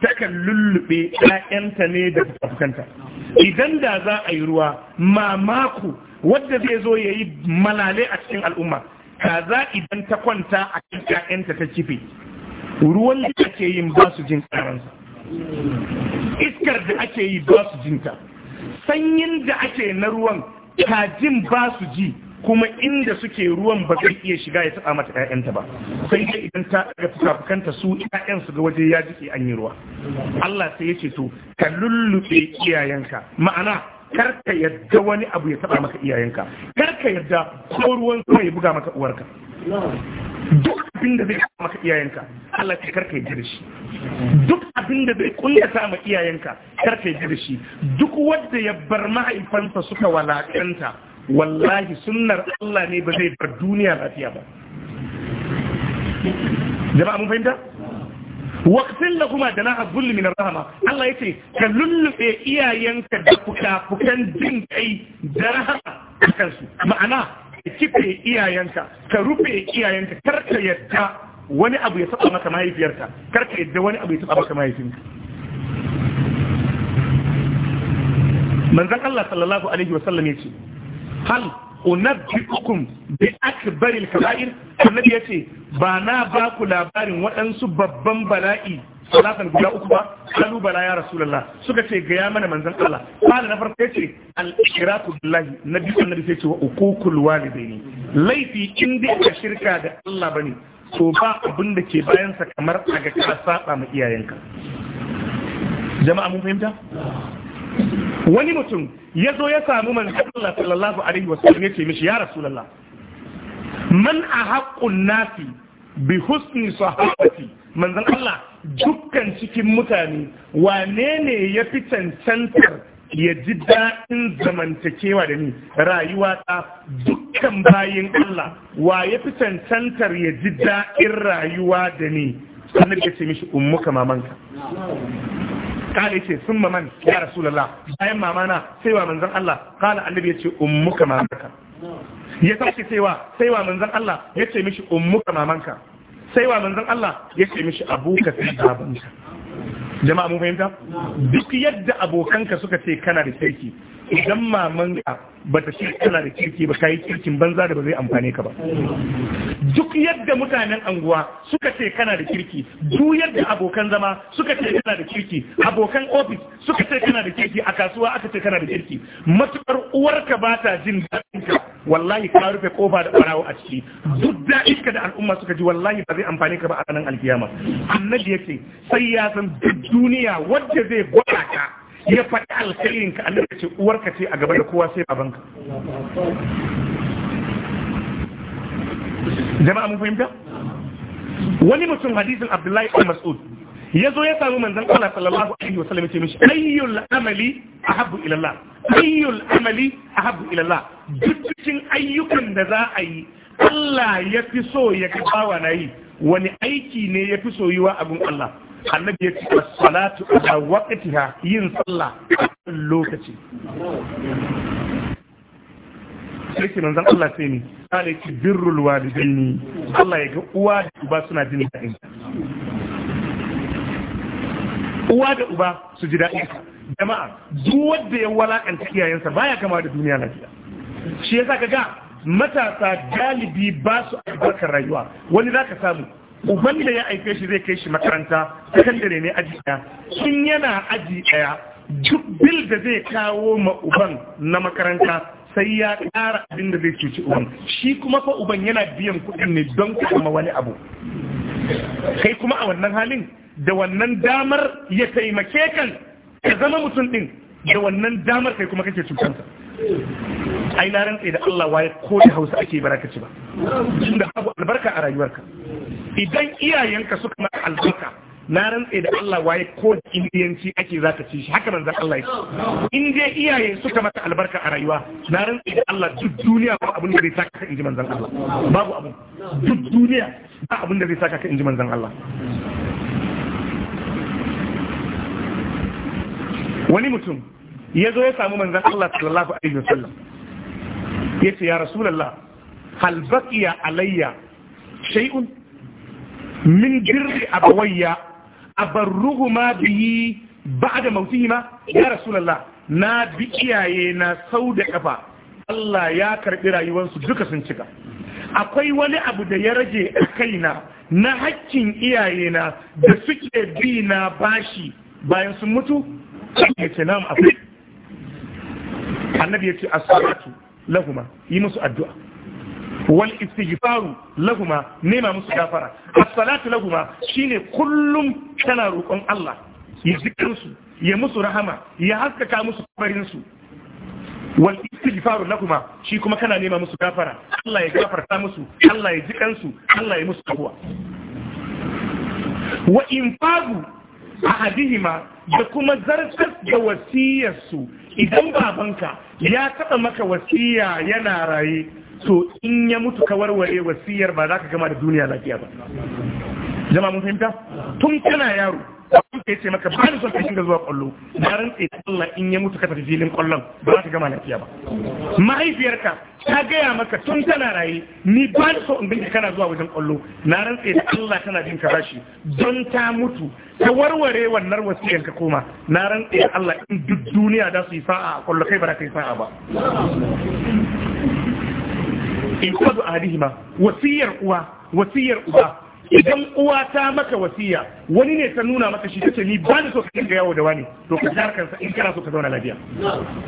Speaker 1: takan lullube ‘ya'yanta ne da fuskanta idan da za a yi ruwa mamaku wadda zai zo ya yi malale a cikin al'umma kaza idan ta kwanta a kan ‘ya'yanta ta kife ruwan da ake yin ba su jin karansa iskar da ake yi ba su jinta sanyin da ake na ruwan kajin ba su ji kuma inda suke ruwan ba zai iya shiga ya taɓa mata 'ya'yanta ba sai dai idan ta ga fukafukanta su ƴaƴan su ga waje ya jike an yi ruwa Allah sai ya ce to ka lullube iyayenka ma'ana kar ka yadda wani abu ya taɓa maka iyayenka kar ka yadda ko ruwan sama ya buga maka uwarka duk abin da zai kama maka iyayenka Allah ka karka da shi. duk abin da zai ma iyayenka karka yi shi. duk wanda ya bar mahaifansa suka walakanta wallahi sunnar Allah ne ba zai bar duniya lafiya ba jama'a mun fahimta waqtin la kuma da na'a zulmi min rahama Allah yace ka lullube iyayenka da fukafukan jin kai da rahama kansu ma'ana ka kife iyayenka ka rufe iyayenka kar ka yadda wani abu ya saba maka mahaifiyarka kar ka yadda wani abu ya saba maka mahaifinka manzon Allah sallallahu alaihi wasallam yace hal unabbi'ukum bi akbaril kaba'ir annabi yace ba na ba ku labarin waɗansu babban bala'i salatan guda uku ba kalu bala ya rasulullah suka ce gaya mana manzon Allah kana na farko yace al ikratu billahi nabi annabi yace wa uququl walidaini laifi in dai ka shirka da Allah bane to ba abin da ke bayan sa kamar daga ka saba ma iyayenka jama'a mun fahimta wani mutum ya zo ya samu manzon Allah sallallahu alaihi wasallam ya ce mishi ya rasulullah man ahaqqun nasi bi husni sahabati manzon Allah dukkan cikin mutane wane ne ya fi cancantar ya ji daɗin zamantakewa da ni rayuwa ta dukkan bayin Allah wa ya fi cancantar ya ji daɗin rayuwa da ni sannan ya ce mishi ummuka mamanka kala ce summa man ya rasulullah bayan mamana sai wa manzon Allah kala annabi yace ummuka mamanka. ya sai wa sai wa manzon Allah yace mishi ummuka mamanka sai wa manzon Allah yace mishi abuka sai babanka jama'a mun fahimta duk yadda abokanka suka ce kana da sarki idan mamanka bata shi kana da kirki ba Kayi kirkin banza da ba zai amfane ka ba duk yadda mutanen anguwa suka ce kana da kirki duk yadda abokan zama suka ce kana da kirki abokan ofis suka ce kana da kirki a kasuwa aka ce kana da kirki matukar uwarka ba ta jin daɗin ka wallahi ka rufe kofa da barawo a ciki duk daɗin ka da al'umma suka ji wallahi ba zai amfane ka ba a ranar alkiyama annabi yake sai ya san duk duniya wacce zai gwada ka ya faɗi alkhairin ka Allah ce uwarka ce a gaba da kowa sai babanka jama'a mun fahimta wani mutum hadisin Abdullahi ibn Mas'ud yazo ya samu manzon Allah sallallahu alaihi sallam ya ce mishi ayyul amali ahabbu ila Allah ayyul amali ahabbu ila Allah duk cikin ayyukan da za a yi Allah ya fi so ya ga bawa na wani aiki ne ya fi so soyuwa abun Allah annabi ya ce salatu ala waqtiha yin sallah a lokaci sai manzon Allah sai ni sai ki birrul walidaini Allah ya ga uwa da uba suna jin daɗin uwa da uba su ji daɗin jama'a duk wanda ya walakanta iyayensa baya kama da duniya lafiya shi yasa kaga matasa galibi ba su albarkar rayuwa wani zaka samu uban da ya aike shi zai kai shi makaranta sakandare ne aji ɗaya sun yana aji ɗaya duk bil da zai kawo ma uban na makaranta sai ya ƙara abin da zai cuci uban shi kuma fa uban yana biyan kuɗin ne don kama wani abu kai kuma a wannan halin da wannan damar ya taimake kan ka zama mutum ɗin da wannan damar kai kuma kake cutansa ai na rantse da Allah waye ko da Hausa ake barakaci ba tunda abu albarka a rayuwarka idan iyayenka suka maka albarka na rantse da Allah waye ko indiyanci ake za ka ci shi haka manzan Allah yake in dai iyaye suka mata albarka a rayuwa na rantse da Allah duk duniya ba abin da zai saka ka inji manzan Allah babu abu. duk duniya ba abin da zai saka ka inji manzan Allah wani mutum ya zo ya samu manzan Allah sallallahu alaihi wasallam ya ce ya rasulullah hal baqiya alayya shay'un min birri abawayya abarruhuma da ba'da mautihima ya lala. na bi iyaye na sau da kafa Allah ya karbi rayuwarsu duka sun cika akwai wani abu da ya rage kaina na hakkin iyaye na da suke bi na bashi bayan sun mutu ya ce nam akwai annabi ya ce as lahuma yi musu addu'a wal istighfaru lahuma nema musu gafara as-salatu lahuma shine kullum kana roƙon Allah ya zikir su ya musu rahama ya haskaka musu kabarin su wal istighfaru lahuma shi kuma kana nema musu gafara Allah ya gafarta musu Allah ya jikan su Allah ya musu afwa wa infaqu ahadihima da kuma zartar da wasiyarsu idan babanka ya taɓa maka wasiya yana raye to in ya mutu ka warware wasiyar ba za ka gama da duniya lafiya ba jama mun fahimta tun kana yaro abin da ya ce maka ba ni son ka zuwa kwallo na rantse da Allah in ya mutu ka tafi filin kwallon ba za ta gama lafiya ba mahaifiyarka ta gaya maka tun tana raye ni ba ni son in kana zuwa wajen kwallo na rantse da Allah tana jin ka don ta mutu ta warware wannan wasiyar ka koma na rantse da Allah in duk duniya za su yi sa'a a kwallo kai ba za ka yi sa'a ba in kwado a hadihima wasiyar uwa wasiyar uba idan uwa ta maka wasiya wani ne ta nuna maka shi ce ni ba ni so ka dinga yawo da wani to ka jar kansa in kana so ka zauna lafiya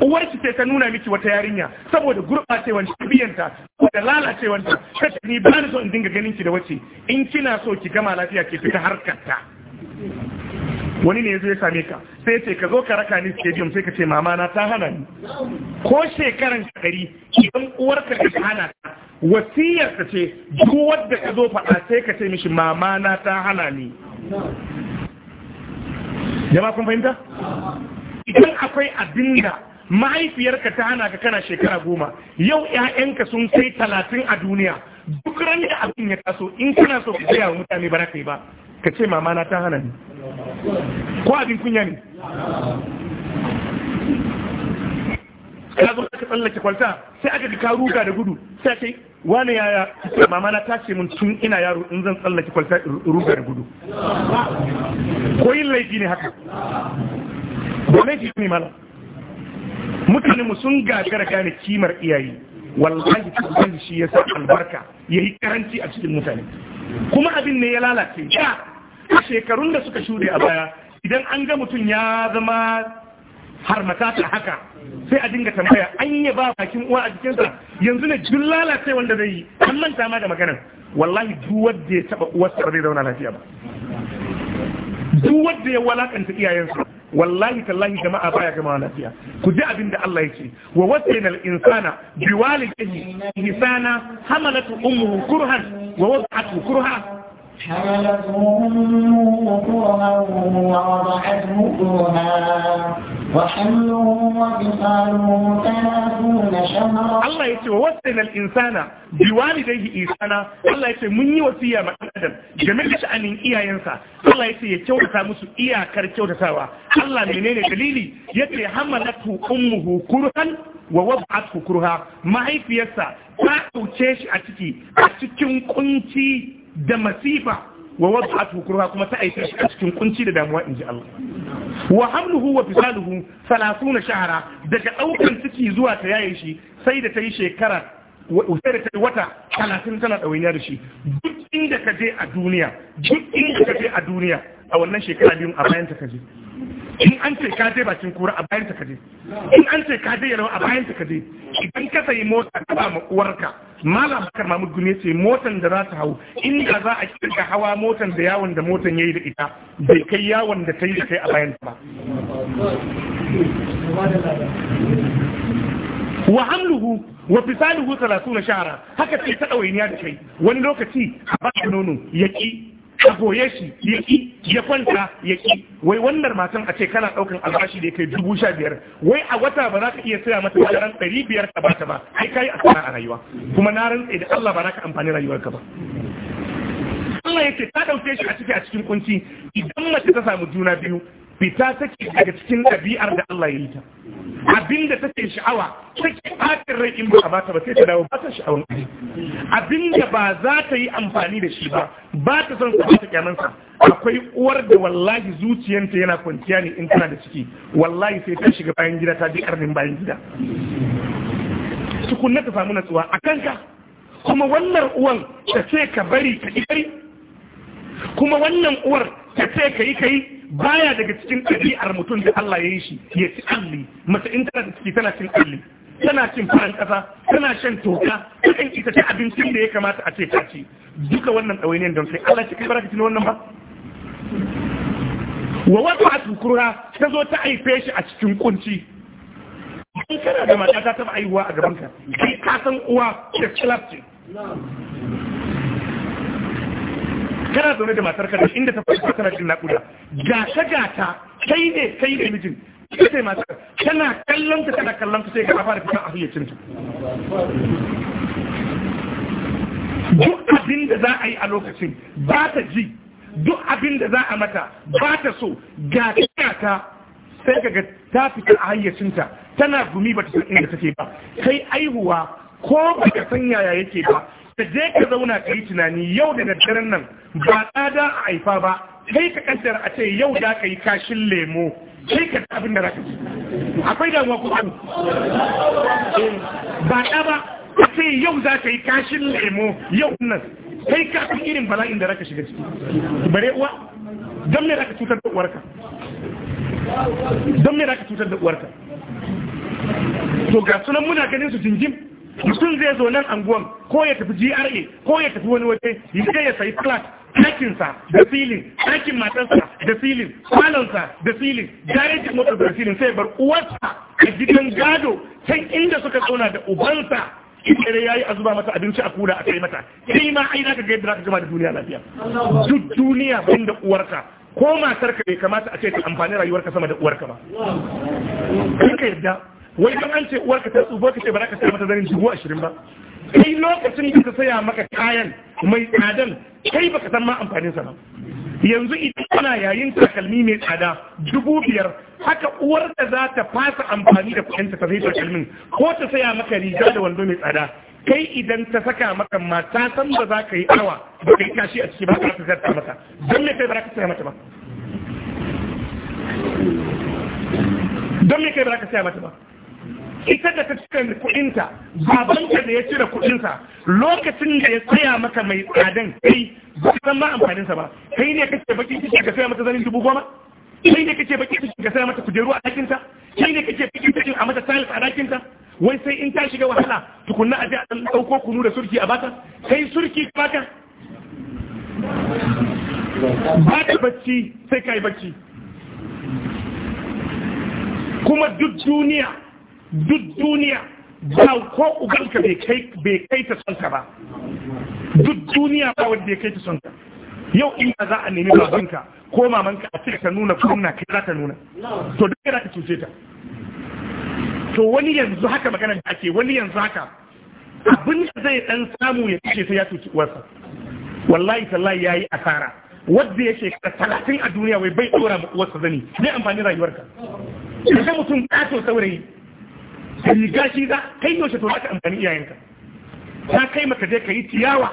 Speaker 1: uwar ki sai ta nuna miki wata yarinya saboda gurbacewan tabiyanta da lalacewan ta ni ba ni so in dinga ganin ki da wace in kina so ki gama lafiya ki fita harkar ta wani ne zai same ka sai ce ka zo ka raka ni stadium sai ka ce mama na ta hana ni ko shekaran ka idan uwar ka ta hana ka wasiyar ka ce duk wanda ka zo faɗa sai ka ce mishi mama na ta hana ni jama'a kun fahimta idan akwai abinda mahaifiyarka ta hana ka kana shekara goma yau 'ya'yanka sun kai talatin a duniya duk ran da abin ya taso in kana so ka gaya wa mutane ba ka yi ba ka ce mama na ta hana ni ko abin kunya ne ka zo ka tsallake kwalta sai aka ga ruga da gudu sai kai wani yaya mama na ta ce mun tun ina yaro in zan tsallake kwalta ruga da gudu ko yin laifi ne haka ba laifi ne mala mutane mu sun gagara gane kimar iyaye wallahi kuma shi yasa albarka yayi karanci a cikin mutane kuma abin ne ya lalace ya a shekarun da suka shuɗe a baya idan an ga mutum ya zama har matata haka sai a dinga tambaya an yi ba bakin uwa a jikinsa yanzu ne duk lalace wanda zai yi an manta ma da maganar wallahi duk da ya taɓa uwarsa zai zauna lafiya ba duk da ya walakanta iyayensa wallahi tallahi jama'a baya gama lafiya ku ji abin da Allah yake wa wasayna al insana biwalidayhi hisana hamalatu ummuhu kurhan wa wad'atu
Speaker 2: kurha حملته أمه كرها ووضعته كرها وحمله وفصاله ثلاثون
Speaker 1: شهرا الله يتي ووصينا الإنسان بوالديه إيسانا الله يتي مني وصية ما أدم جميل شأن إيا ينسى الله يتي يتوتا مسو إيا كار يتوتا الله منين دليلي يتي حملته أمه كرها ووضعته كرها ما هي فيسا ta ɗauke shi a ciki a cikin kunci da masifa wa a kurha kuma ta aiki shi a cikin kunci da damuwa in ji Allah wa hamluhu wa fisaluhu na shahara daga ɗaukan ciki zuwa ta yaye shi sai da ta yi shekara sai da ta yi wata talatin tana dawainiya da shi duk inda ka je a duniya duk inda ka je a duniya a wannan shekara biyun a bayan ta ka je in an ce ka je bakin kura a bayan ta ka je in an ce ka je yaro a bayan ta ka je idan ka sayi mota ka ba ma uwarka malam bakar mahmud gumi ce motan da za ta hau inda za a kirga hawa motan da yawon da motan yayi da ita bai kai yawon da ta yi da kai a bayan ba wa hamluhu wa fisaluhu 30 shahara haka sai ta dawainiya da kai wani lokaci a baka nono yaki a goye shi ya ki ya kwanta ya ki wai wannan matan a ce kana daukan albashi da ya kai dubu sha biyar wai a wata ba za ka iya saya mata wajen ɗari biyar ka bata ba ai kai a sana a rayuwa kuma na rantsa da Allah ba za ka amfani rayuwarka ba Allah ya ce ta ɗauke shi a ciki a cikin kunci idan mace ta samu juna biyu fita take daga cikin ɗabi'ar da Allah ya yi ta abinda take sha'awa take ɓatin rai in ba a bata ba sai ta dawo ba ta sha'awar abinda ba za ta yi amfani da shi ba ba ta son sa ba ta kyamansa akwai uwar da wallahi zuciyanta yana kwanciya ne in tana da ciki wallahi sai ta shiga bayan gida ta bi karnin bayan gida tukunna ta samu natsuwa a kanka kuma wannan uwan ta ce ka bari ka bari kuma wannan uwar ka ce ka yi ka yi baya daga cikin ɗabi'ar mutum da Allah ya yi shi ya ci alli mace in tana da ciki tana cin alli tana cin faran ƙasa tana shan toka kan ita ta abincin da ya kamata a ce ta ci duka wannan ɗawainiyar don sai Allah ce kai baraka cin wannan ba wa wata a tukura ta zo ta haife shi a cikin kunci in kana da mata ta taɓa aihuwa a gabanka kai ka san uwa da kilaf kana zaune da matar kada inda ta fara kana jin nakuda gata gata kai ne kai da mijin kai sai matar kana kallon ta kana kallon ta sai ka fara fitan ahiyyacin ta duk abin da za a yi a lokacin ba ta ji duk abin da za a mata ba ta so gata gata sai ka ga ta fita a hayyacinta tana gumi ba ta san inda take ba kai aihuwa ko ba ka san yaya yake ba ka je ka zauna ka yi tunani yau da daddaren nan ba tsada a haifa ba kai ka kaddara a ce yau da ka yi kashin lemo kai ka abin da raka ci akwai damuwa ko abu eh, ba ɗa ba a ce yau za ka yi kashin lemo yau nan kai ka fi irin bala'in da raka shiga ciki bare uwa don me raka cutar da uwarka don me za cutar da uwarka to ga sunan muna ganin su jinjin mutum zai zo nan anguwan ko ya tafi GRA ko ya tafi wani waje ya ya sayi flat ɗakinsa da filin ɗakin matarsa da filin falonsa da filin garejin motar da filin sai bar uwarsa a gidan gado can inda suka zauna da ubansa idare ya yi a zuba mata abinci a kula a kai mata sai ma ai za ka ga yadda za ka gama da duniya lafiya duk duniya bin da uwarka ko matarka bai kamata a ce ta amfani rayuwarka sama da uwarka ba kai yarda wai don an ce uwarka ta tsubo ka ce ba za ka saya mata zarin dubu ashirin ba kai lokacin da ka saya maka kayan mai tsadan kai baka san ma amfanin sa ba yanzu idan kana yayin takalmi mai tsada dubu biyar haka uwar da za ta fasa amfani da kuɗin ta zai takalmin ko ta saya maka riga da wando mai tsada kai idan ta saka maka ma ta san ba za ka yi awa ba ka yi kashi a ciki ba ka ta zarta mata don me kai ba za ka saya mata ba don me kai ba za ka saya mata ba ita da ta cire kuɗinta babanta da ya cire kuɗinsa lokacin da ya tsaya maka mai tsadan kai ba san ma amfaninsa ba kai ne kake bakin ciki ka saya mata zanin dubu goma kai ne kake bakin ciki ka saya mata kujeru a ɗakinta kai ne kake bakin ciki a mata talif a ɗakinta wai sai in ta shiga wahala tukunna a je a ɗauko kunu da surki a baka kai surki baka ba ta bacci sai ka yi bacci kuma duk duniya duk duniya ba ko ubanka bai kai ta sonka ba duk duniya ba wanda ya kai ta sonka yau inda za a nemi babanka ko mamanka a cika ta nuna kunna kai za ta nuna to duk yana ka cuce ta to wani yanzu haka magana da ake wani yanzu haka abin da zai dan samu ya cuce sai ya cuci uwarsa wallahi tallahi yayi asara wanda ya shekara talatin a duniya wai bai dora wasa uwarsa zani ne amfani rayuwarka sai mutum kato saurayi Ka riga shi za kai yaushe to zaka amfani iyayenka ta kai maka je ka yi ciyawa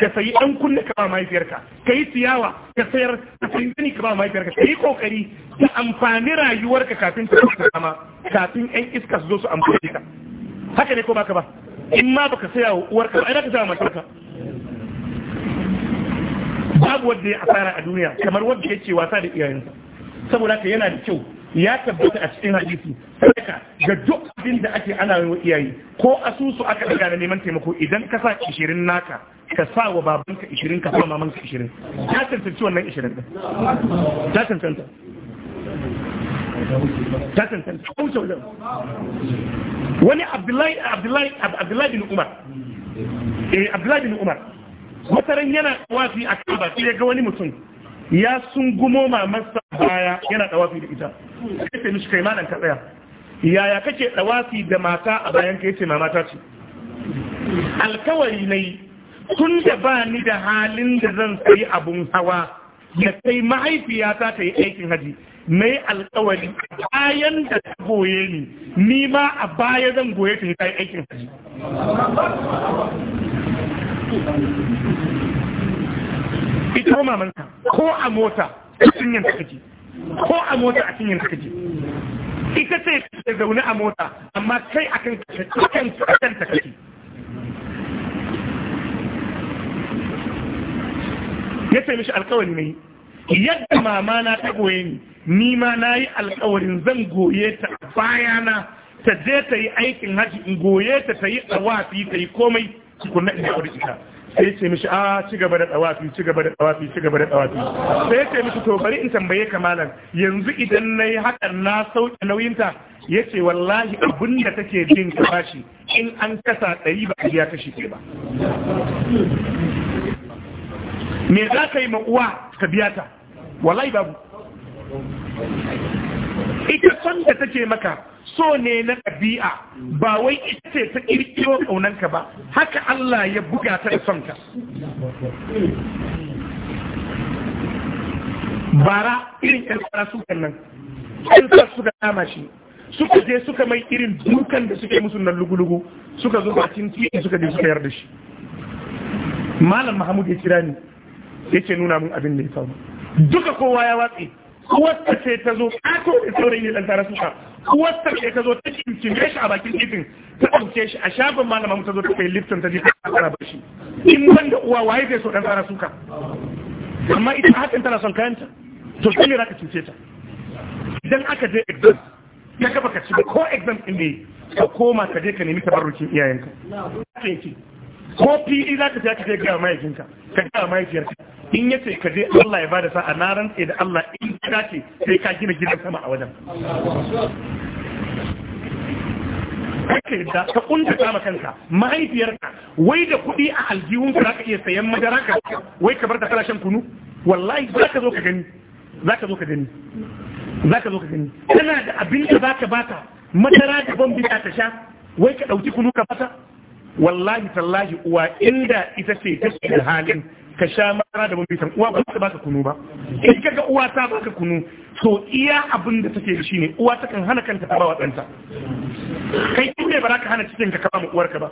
Speaker 1: ka sayi ɗan kunne ka ba mahaifiyarka ka yi ciyawa ka sayar ka sayi gani ka ba mahaifiyarka ka yi kokari ka amfani rayuwarka kafin ta kusa kama kafin ƴan iska su zo su amfani ka haka ne ko baka ba in ma baka saya wa uwarka ba ai zaka saya wa matarka babu wanda ya asara a duniya kamar wanda ce wasa da iyayensa saboda ka yana da kyau ya tabbata a cikin hadisi saka ga duk abin da ake ana yi wa iyaye ko asusu aka daga na neman taimako idan ka sa 20 naka ka sa wa babanka 20 ka sa mamanka 20 ta tantance wannan 20 din ta tantance ta tantance wajen wani abdullahi abdullahi Abdullahi bin umar eh abdullahi bin umar wataran yana wafi a kaba sai ga wani mutum ya sungumo mamarsa baya yana tawafi da ita sai ta mishi kai ka tsaya yaya kake ɗawafi da mata a bayan ka yace mama ta ce alkawari nayi tun da ba ni da halin da zan sayi abun hawa da kai mahaifiyata ta yi aikin haji na yi alkawari bayan da ta goye ni ni ma a baya zan goye ta yi aikin haji ita mamanka ko a mota a cikin ta kaji ko a mota a cikin ta kaji ita ce ta zaune a mota amma kai a kan
Speaker 3: kan ta kaji
Speaker 1: ya ce mishi alkawari ne yadda mama na ta goye ni ni ma na yi alkawarin zan goye ta bayana ta je ta yi aikin haji in goye ta ta yi tsawafi ta yi komai tukunna in wuri ita sai ce mishi a ah, ci gaba da tsawafi ci gaba da tsawafi ci gaba da tsawafi sai ce mishi to bari in tambaye ka malam yanzu idan nayi hakan na sauke nauyinta yace wallahi abun da take jin ka bashi in an kasa ɗari ba a biya kashi ke ba me za ka yi uwa ka biya ta wallahi babu ita son da take maka so ne na ɗabi'a ba wai ita ce ta ƙirƙiro ƙaunanka ba haka Allah ya buga ta da sonka bara irin ƴan kwara sukan nan ƴan kwara suka dama shi suka je suka mai irin dukan da suke musu nan lugu-lugu suka zo bakin tiye suka je suka yarda shi malam mahamud ya kira ni ya ce nuna mun abin da ya faru duka kowa ya watse kuwarta ce ta zo kato da saurayi ne lantara suka kuwarta ce ta zo ta kinkime shi a bakin titin ta ɗauke shi a shafin malama ta zo ta kai liftin ta jika a tsara bashi in wanda uwa waye zai so ɗan tsara suka amma ita haɗin tana son kayanta to sai ne za ka cuce ta idan aka je exam ya gaba ka ci ko exam ɗin ne ka koma ka je ka nemi tabarrukin iyayenka ko PE za ka je ka je ga mahaifinka ka ga mahaifiyarka in ya ce ka je Allah ya bada sa'a na rantse da Allah in ka ce sai ka gina gidan sama a wajen kake da ka kunta kama kanka mahaifiyarka wai da kuɗi a aljihunka za ka iya sayan madara ka wai ka bar da kalashen kunu wallahi za ka zo ka gani za ka zo ka gani za ka zo ka gani tana da abin da za ka bata madara da ban bisa ta sha wai ka ɗauki kunu ka bata wallahi tallahi uwa inda ita ce ta shiga halin ka sha mara da bitan uwa ba ta baka kunu ba in kaga uwa ta baka kunu to iya abin da take shi ne uwa ta kan hana kanta ta ba ɗanta kai kin ne ba ka hana cikin ka kama ka ba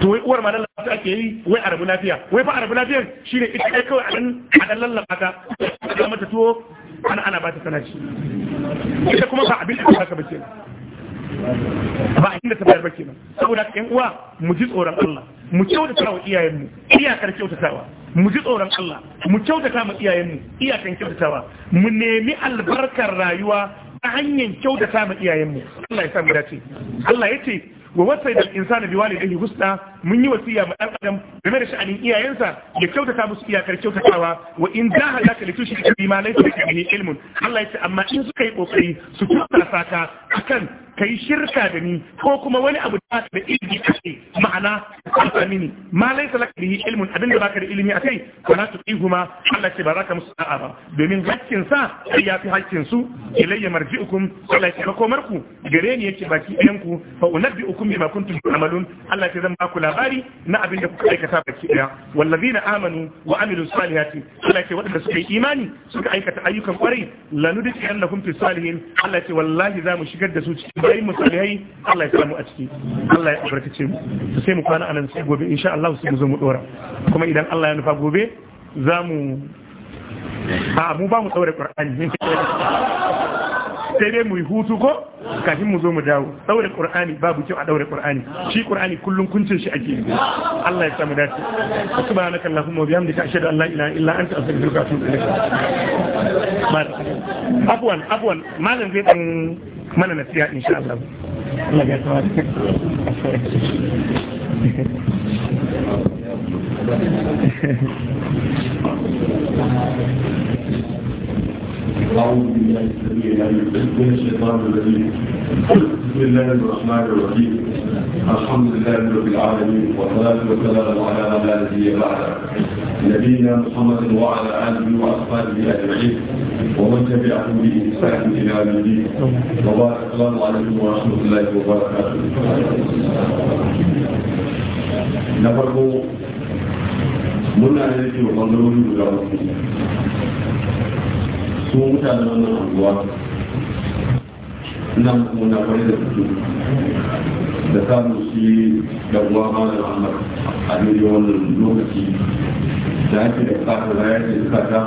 Speaker 1: to wai uwar ma lallaba ta ake yi wai arabu lafiya wai fa arabu rabu lafiya shine ita kai kawai a dan lallaba ta ta mata tuwo ana ana ba ta sana shi ita kuma ba abin da ta baka ba kenan ba inda ta bayar ba kenan saboda yan uwa mu ji tsoron Allah mu kyautata wa iyayenmu iyakar kyautatawa mu ji tsoron Allah mu kyautata ma iyayenmu iyakar kyautatawa mu nemi albarkar rayuwa ta hanyar kyautata ma iyayenmu Allah ya sa mu dace Allah ya ce wa wasai da insani biwalidayhi husna mun yi wasiya ma dan adam game da sha'anin iyayensa ya kyautata musu iyakar kyautatawa wa in jaha ya ka litushi ka bi ma laifi ka bi ilmun Allah ya ce amma in suka yi kokari su tsara ka akan kai shirka da ni ko kuma wani abu da da ilmi kake ma'ana amini ma laysa laka bihi ilmun abin da baka da ilimi akai wala tuqihuma Allah ce ba za ka musu da'a ba domin hakkin sa sai ya fi hakkin su ilayya marji'ukum Allah ya ce makomar ku gare ni yake baki ɗayan ku fa unabbi'ukum bima kuntum ta'malun Allah ya zan ba ku labari na abin da kuka aikata baki daya wallazina amanu wa amilus salihati Allah ce wadanda suka yi imani suka aikata ayyukan kwarai lanudkhilannakum fi salihin Allah ce wallahi za mu shigar da su cikin bayin musalihai Allah ya samu a ciki Allah ya albarkace mu sai mu kwana anan sai gobe insha Allah sai mu zo mu dora kuma idan Allah ya nufa gobe za mu a mu ba mu daure Qur'ani sai dai mu yi hutu ko kafin mu zo mu dawo daure qur'ani babu kyau a daure qur'ani shi qur'ani kullun kuncin shi ake yi Allah ya samu dace subhanaka allahumma wa bihamdika ashhadu an la ilaha illa anta astaghfiruka wa atubu ilaik afwan afwan malam zai dan mana nasiha insha Allah
Speaker 3: Allah ya tsawata Thank you. أعوذ
Speaker 4: بالله السميع العليم من الشيطان الرجيم بسم الله الرحمن الرحيم الحمد لله رب العالمين والصلاة والسلام على نبينا بعد نبينا محمد وعلى آله وأصحابه أجمعين ومن تبعهم بإحسان إلى يوم الدين وبارك السلام عليكم ورحمة الله وبركاته na منا muna da yake wa su mutanen wannan unguwa nan muna kwari da su da samun shi da uwa ba da Muhammad a daidai wannan lokaci da ake da bukatar rayar da zukata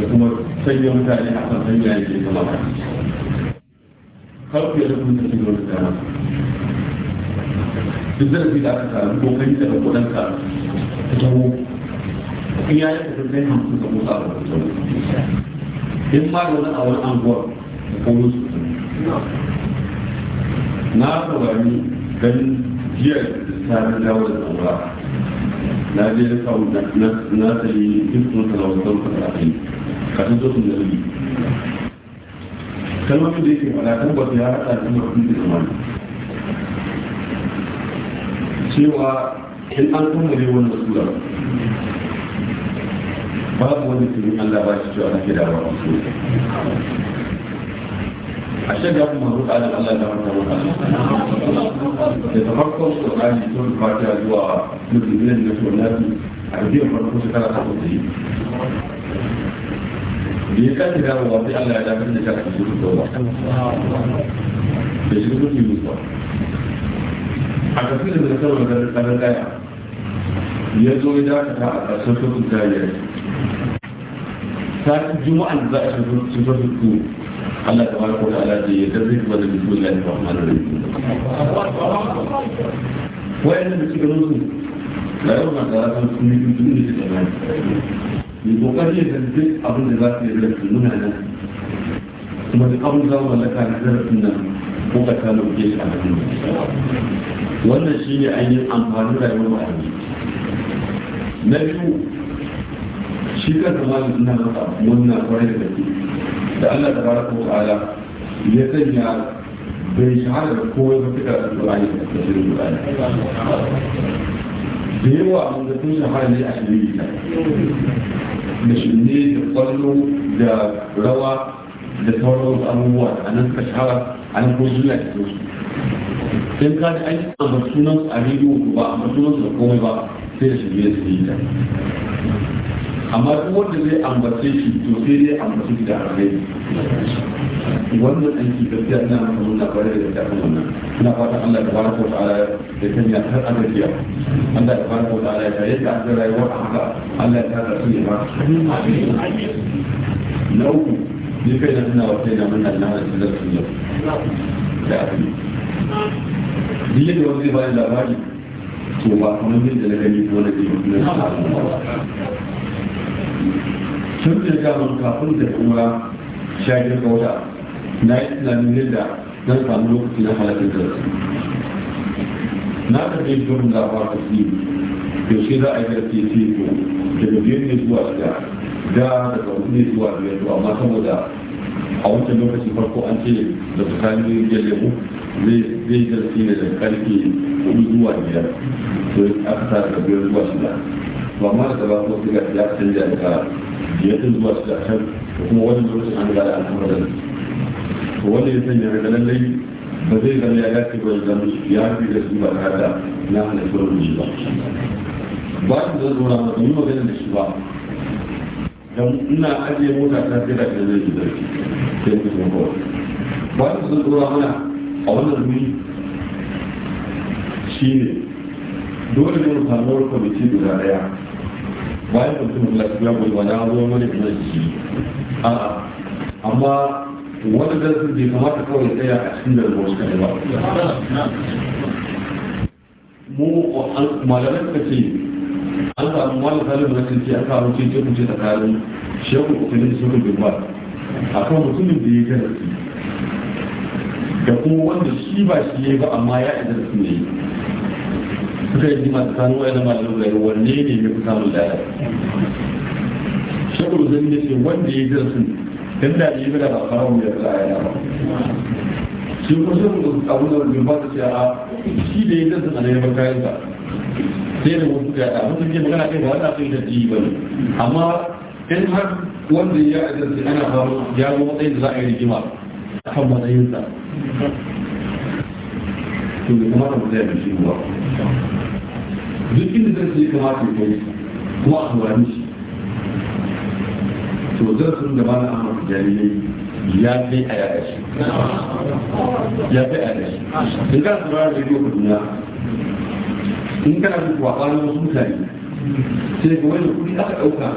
Speaker 4: da kuma sanya mutane a kan hanya da ke zama karfi da kuma cikin wani dama duk zarafi da aka samu ko kai da kuɗin ka ta taho in ya yi tafi kai hamsin ka musa a wani in ma da wani a wani anguwar da kawo su na saurari ganin jiyar tsarin dawo da tsaura na je da kawo na sayi dukkan talautan fasa a yi kasu zo su nazari kalmomin da yake fada tabbata ya haɗa da mutum da zamani cewa in an da kammale wannan sura babu wani turu Allah ba shi cewa na gida ba su a shaga kuma ruka da Allah da wata ruka da ta farkon Qur'ani sun fata zuwa dukkan da sunnati a biyan farko su kara sabu yi da ya kace da wa sai Allah ya dakatar da shaka shi da wa da shi da shi a kafin da ta kawo da ya zo ya dakata a ƙarshen sukun kariya ta juma'an za a shigo su zo su Allah ta baraka ta ala ya da zai bada bismillahi rahmanir rahim wayan da suka musu da yau na da ran sun yi dukkan su da ni kokari da duk abin da za su yi da su nuna nan kuma duk abin da na zarafin nan ko ka ta lauke shi a nan wannan shi ne ainihin amfanin rayuwar ma'aikata na biyu shi kan malam ina masa wannan kwarai da ke, da Allah ta baraka wa ta'ala ya sanya bai shahara da kowa ba fita da Qur'ani da tafsirin Qur'ani da yawa mun ga sun shahara ne a shirye da shirye da kwallo da rawa da sauran abubuwa a nan ka shahara a nan kuma suna da su sai ka ji an yi a sunan a rediyo ba a sunan da komai ba sai da shirye da yi ta amma duk wanda zai ambace shi to sai dai ambace shi da alheri wannan aiki gaskiya ina maka mun na bare da dafa wannan ina fata Allah ya baraka wa ta'ala da ya har abadiya Allah ya baraka wa ta'ala ya yadda da rayuwa a haka Allah ya tsara su ya ba na uku ni kai na ina wata ina mun nan na da su yau da abin duk yadda wani zai bayan labari to ba kamar ne na gani ko na ke mutum na tun da daman kafin da kuma shagin bauta na yi tunanin yadda zan samu lokaci na halakin da su na karfe shirin da ba ka fi yaushe za a yi karfe teku daga biyar ne zuwa shida da daga wani ne zuwa biyar to amma saboda a wancan lokacin farko an ce da su tsakanin yalemu zai zarfi ne da karfe hudu zuwa biyar to aka sa daga biyar zuwa shida ba ma da ba kuma suka ya canja daga yadda zuwa su da can kuma wani lokacin an gada al'amuran to wanda ya sanya daga dai ba zai zama ya dace ba zama ya fi da su ba tare da na hana sauran shi ba ba su da zuwa ba yi magana da shi ba don ina ajiye mota ta sai da kan zai zuwa sai ku sun kawai ba su da zuwa mana a wannan wuri shi ne dole ne mu samu kwamiti guda daya bayan mutum lafi ya gulma na zo mana ina shi amma wani zarfin bai kamata kawai tsaya a cikin zarfin wasu ba mu malamai suka ce an samu wani da na cinci a kawo cinci kuce tsakanin shehu kusurin suka ba. a kan mutumin da ya gana da kuma wanda shi ba shi ne ba amma ya yi zarfin ne suka yi jima tsakanin wa'ina da gari wanne ne ya fi samun lada shakuru zan yi ce wanda ya jira sun dan da ya bada ba fara mu ya tsara ya ba shi ko shi ko abu da bin ba su ce a shi da ya jira sun ne ba kayan sa sai da wasu da ya mutu ke magana kai ba wanda kai da ji ba amma in har wanda ya jira sun ana faru ya zo matsayin da za a yi rigima kan matsayin sa to bai kamata mu zai da shi ba duk inda zai ya kamata ya kai kuma a turani shi to zarafin da ba na amurka jami'ai ya kai a yada shi ya kai a yada shi in kana turani da yau kaduna in kana duk wakwanin wasu mutane sai ga wani kudi aka ɗauka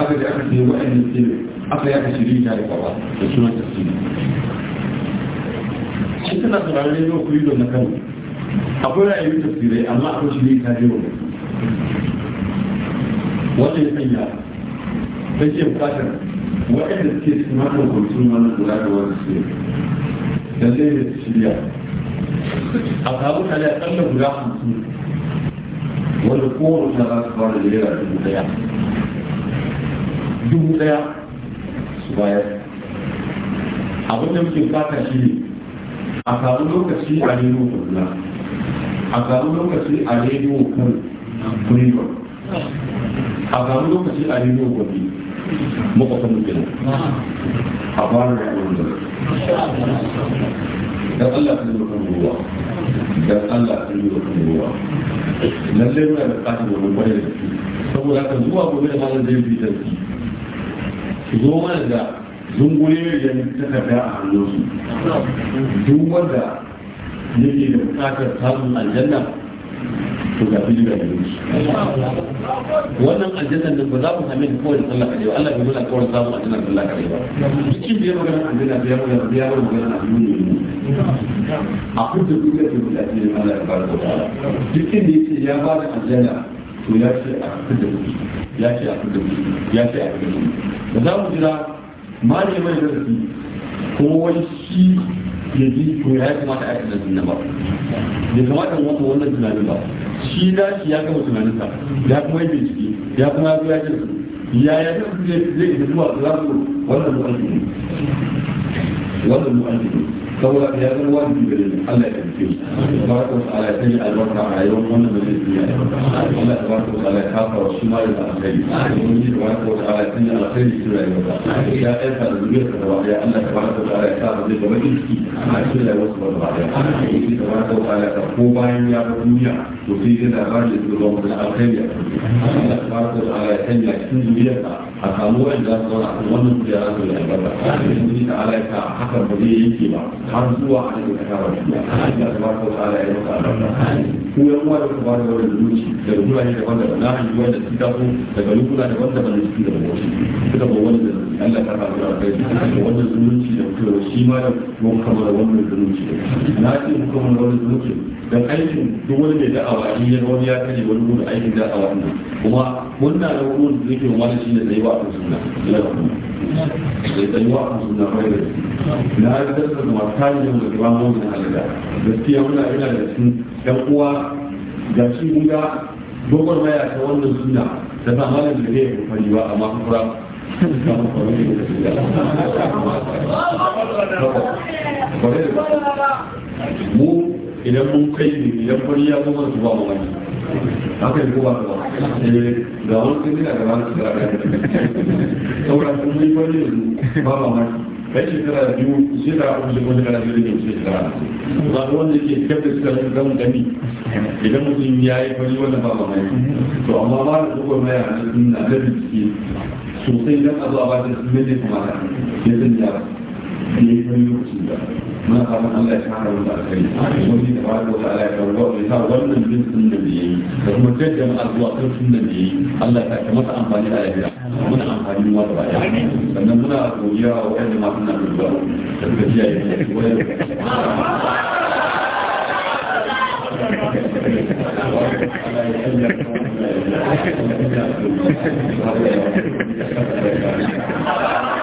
Speaker 4: aka da aka ce wa'annan sai aka yaka shirin ya da kwaba da sunan tasiri shi kana turani da yau kudi don na kano akwai ra'ayin tafsirai amma akwai shi ne ta je wa Wata ya sanya ta ce bukatar waɗanda suke cikin wannan kwamitin wannan kula da wani su da zai yi da shirya a samu kare a ƙalla guda hamsin wanda kowane ta za su fara da naira dubu ɗaya dubu ɗaya su bayar abin da muke fata shi ne a samu lokaci a nemo kwamfuta a gano lokaci a rediyo kun freedom a gano lokaci a rediyo gobe makwatan mutum a fara da ruwan da dan Allah ta yi kan ruwa dan Allah ta yi kan ruwa lallai muna da tsarin wani kwanar da su saboda haka zuwa gobe da malam zai fi tarki zo mana da zungure da takarda a hannunsu duk wanda yake da bukatar samun aljanna to ga fili da gare shi wannan aljannan nan ba za mu sami ta kawai sallah kaɗai ba Allah bai nuna kawai samun aljannan sallah kaɗai ba cikin da ya magana aljanna da ya magana biyar ya magana a duniya ne a kudin duniya ke mutane ne Allah ya fara da wala cikin da yake ya ba da aljanna to ya ce a kudin kuɗi ya ce a kudin kuɗi ya ce a kudin kuɗi da za mu jira ma ne mai zarafi ko wani shi yanzu to ya kamata a yi tunanin nan ba ya kamata mu wanka wannan tunanin ba shi shi ya kama tunanin sa ya kuma yi bincike ya kuma ya zuwa jin ya ya ta zai zai zuwa zuwa wannan mu'allimin wannan mu'allimin saboda ya zama wajibi gare mu Allah ya tafi tabaraka wa ta'ala ya yi albarka a rayuwar wannan majalisi ya Allah tabaraka wa ta'ala ya kafa wa shi mai da alkhairi mun yi tabaraka wa ta'ala ya yi alkhairi shi yi ta ya aika da zuriyar ta gaba ya Allah tabaraka wa ta'ala ya sa zai gaba ciki a cikin rayuwar su gaba ya yi tabaraka wa ta'ala ta ko bayan ya bar duniya to sai ya ba da zuwa wannan alkhairi Allah tabaraka wa ta'ala ya cikin zuriyarka a samu wa'in za su zauna a wannan kujera su da albarka in ta ala ka haka ba zai yanke ba har zuwa a daga kasa ba ta ala ya albarka ku yan uwa da ku ba da zuci daga daban-daban na hanyu wanda su daga lukuna daban-daban da su da motsi suka ba wanda Allah ta kai zuci da shi ma da kuma kamar zuci na ce kuma zuci don aikin duk wani mai da'awa in ya wani ya kaje wani gudu aikin da'awa ne kuma wannan rawun da yake wani shi ne tsayuwa a sunna da tsayuwa a sunna bai da na yi dasa da mata ne da gaba mun da halada gaskiya muna yana da cikin yan uwa ga shi mun dogon maya ta wannan sunna da sa malam da zai kokari ba amma kuma mu idan mun kai ne idan kwari ya zama su ba mu wani haka yi kowa ba eh, da wani kai nuna da wani tsara da saura sun mai kwari yanzu ba ba wani kai shekara biyu shekara abu da wani kara biyu da shekara ba da wanda ke kyau da da zama gani idan mutum ya yi kwari wani ba ba wani to amma ba da a wani yana cikin na da biki sosai don a zuwa ba da su ne kuma ya zan yara yi a lokacin da muna fatan Allah ya kara wanda aka yi wani da ba da wata ya karuwa mai sa wannan bin sunna da yayi da kuma jajjan azuwa kan sunna da yayi Allah ya sake masa amfani a lahira muna amfani mu da baya sannan muna godiya wa wanda ma suna da zuwa
Speaker 3: da suka ji yayi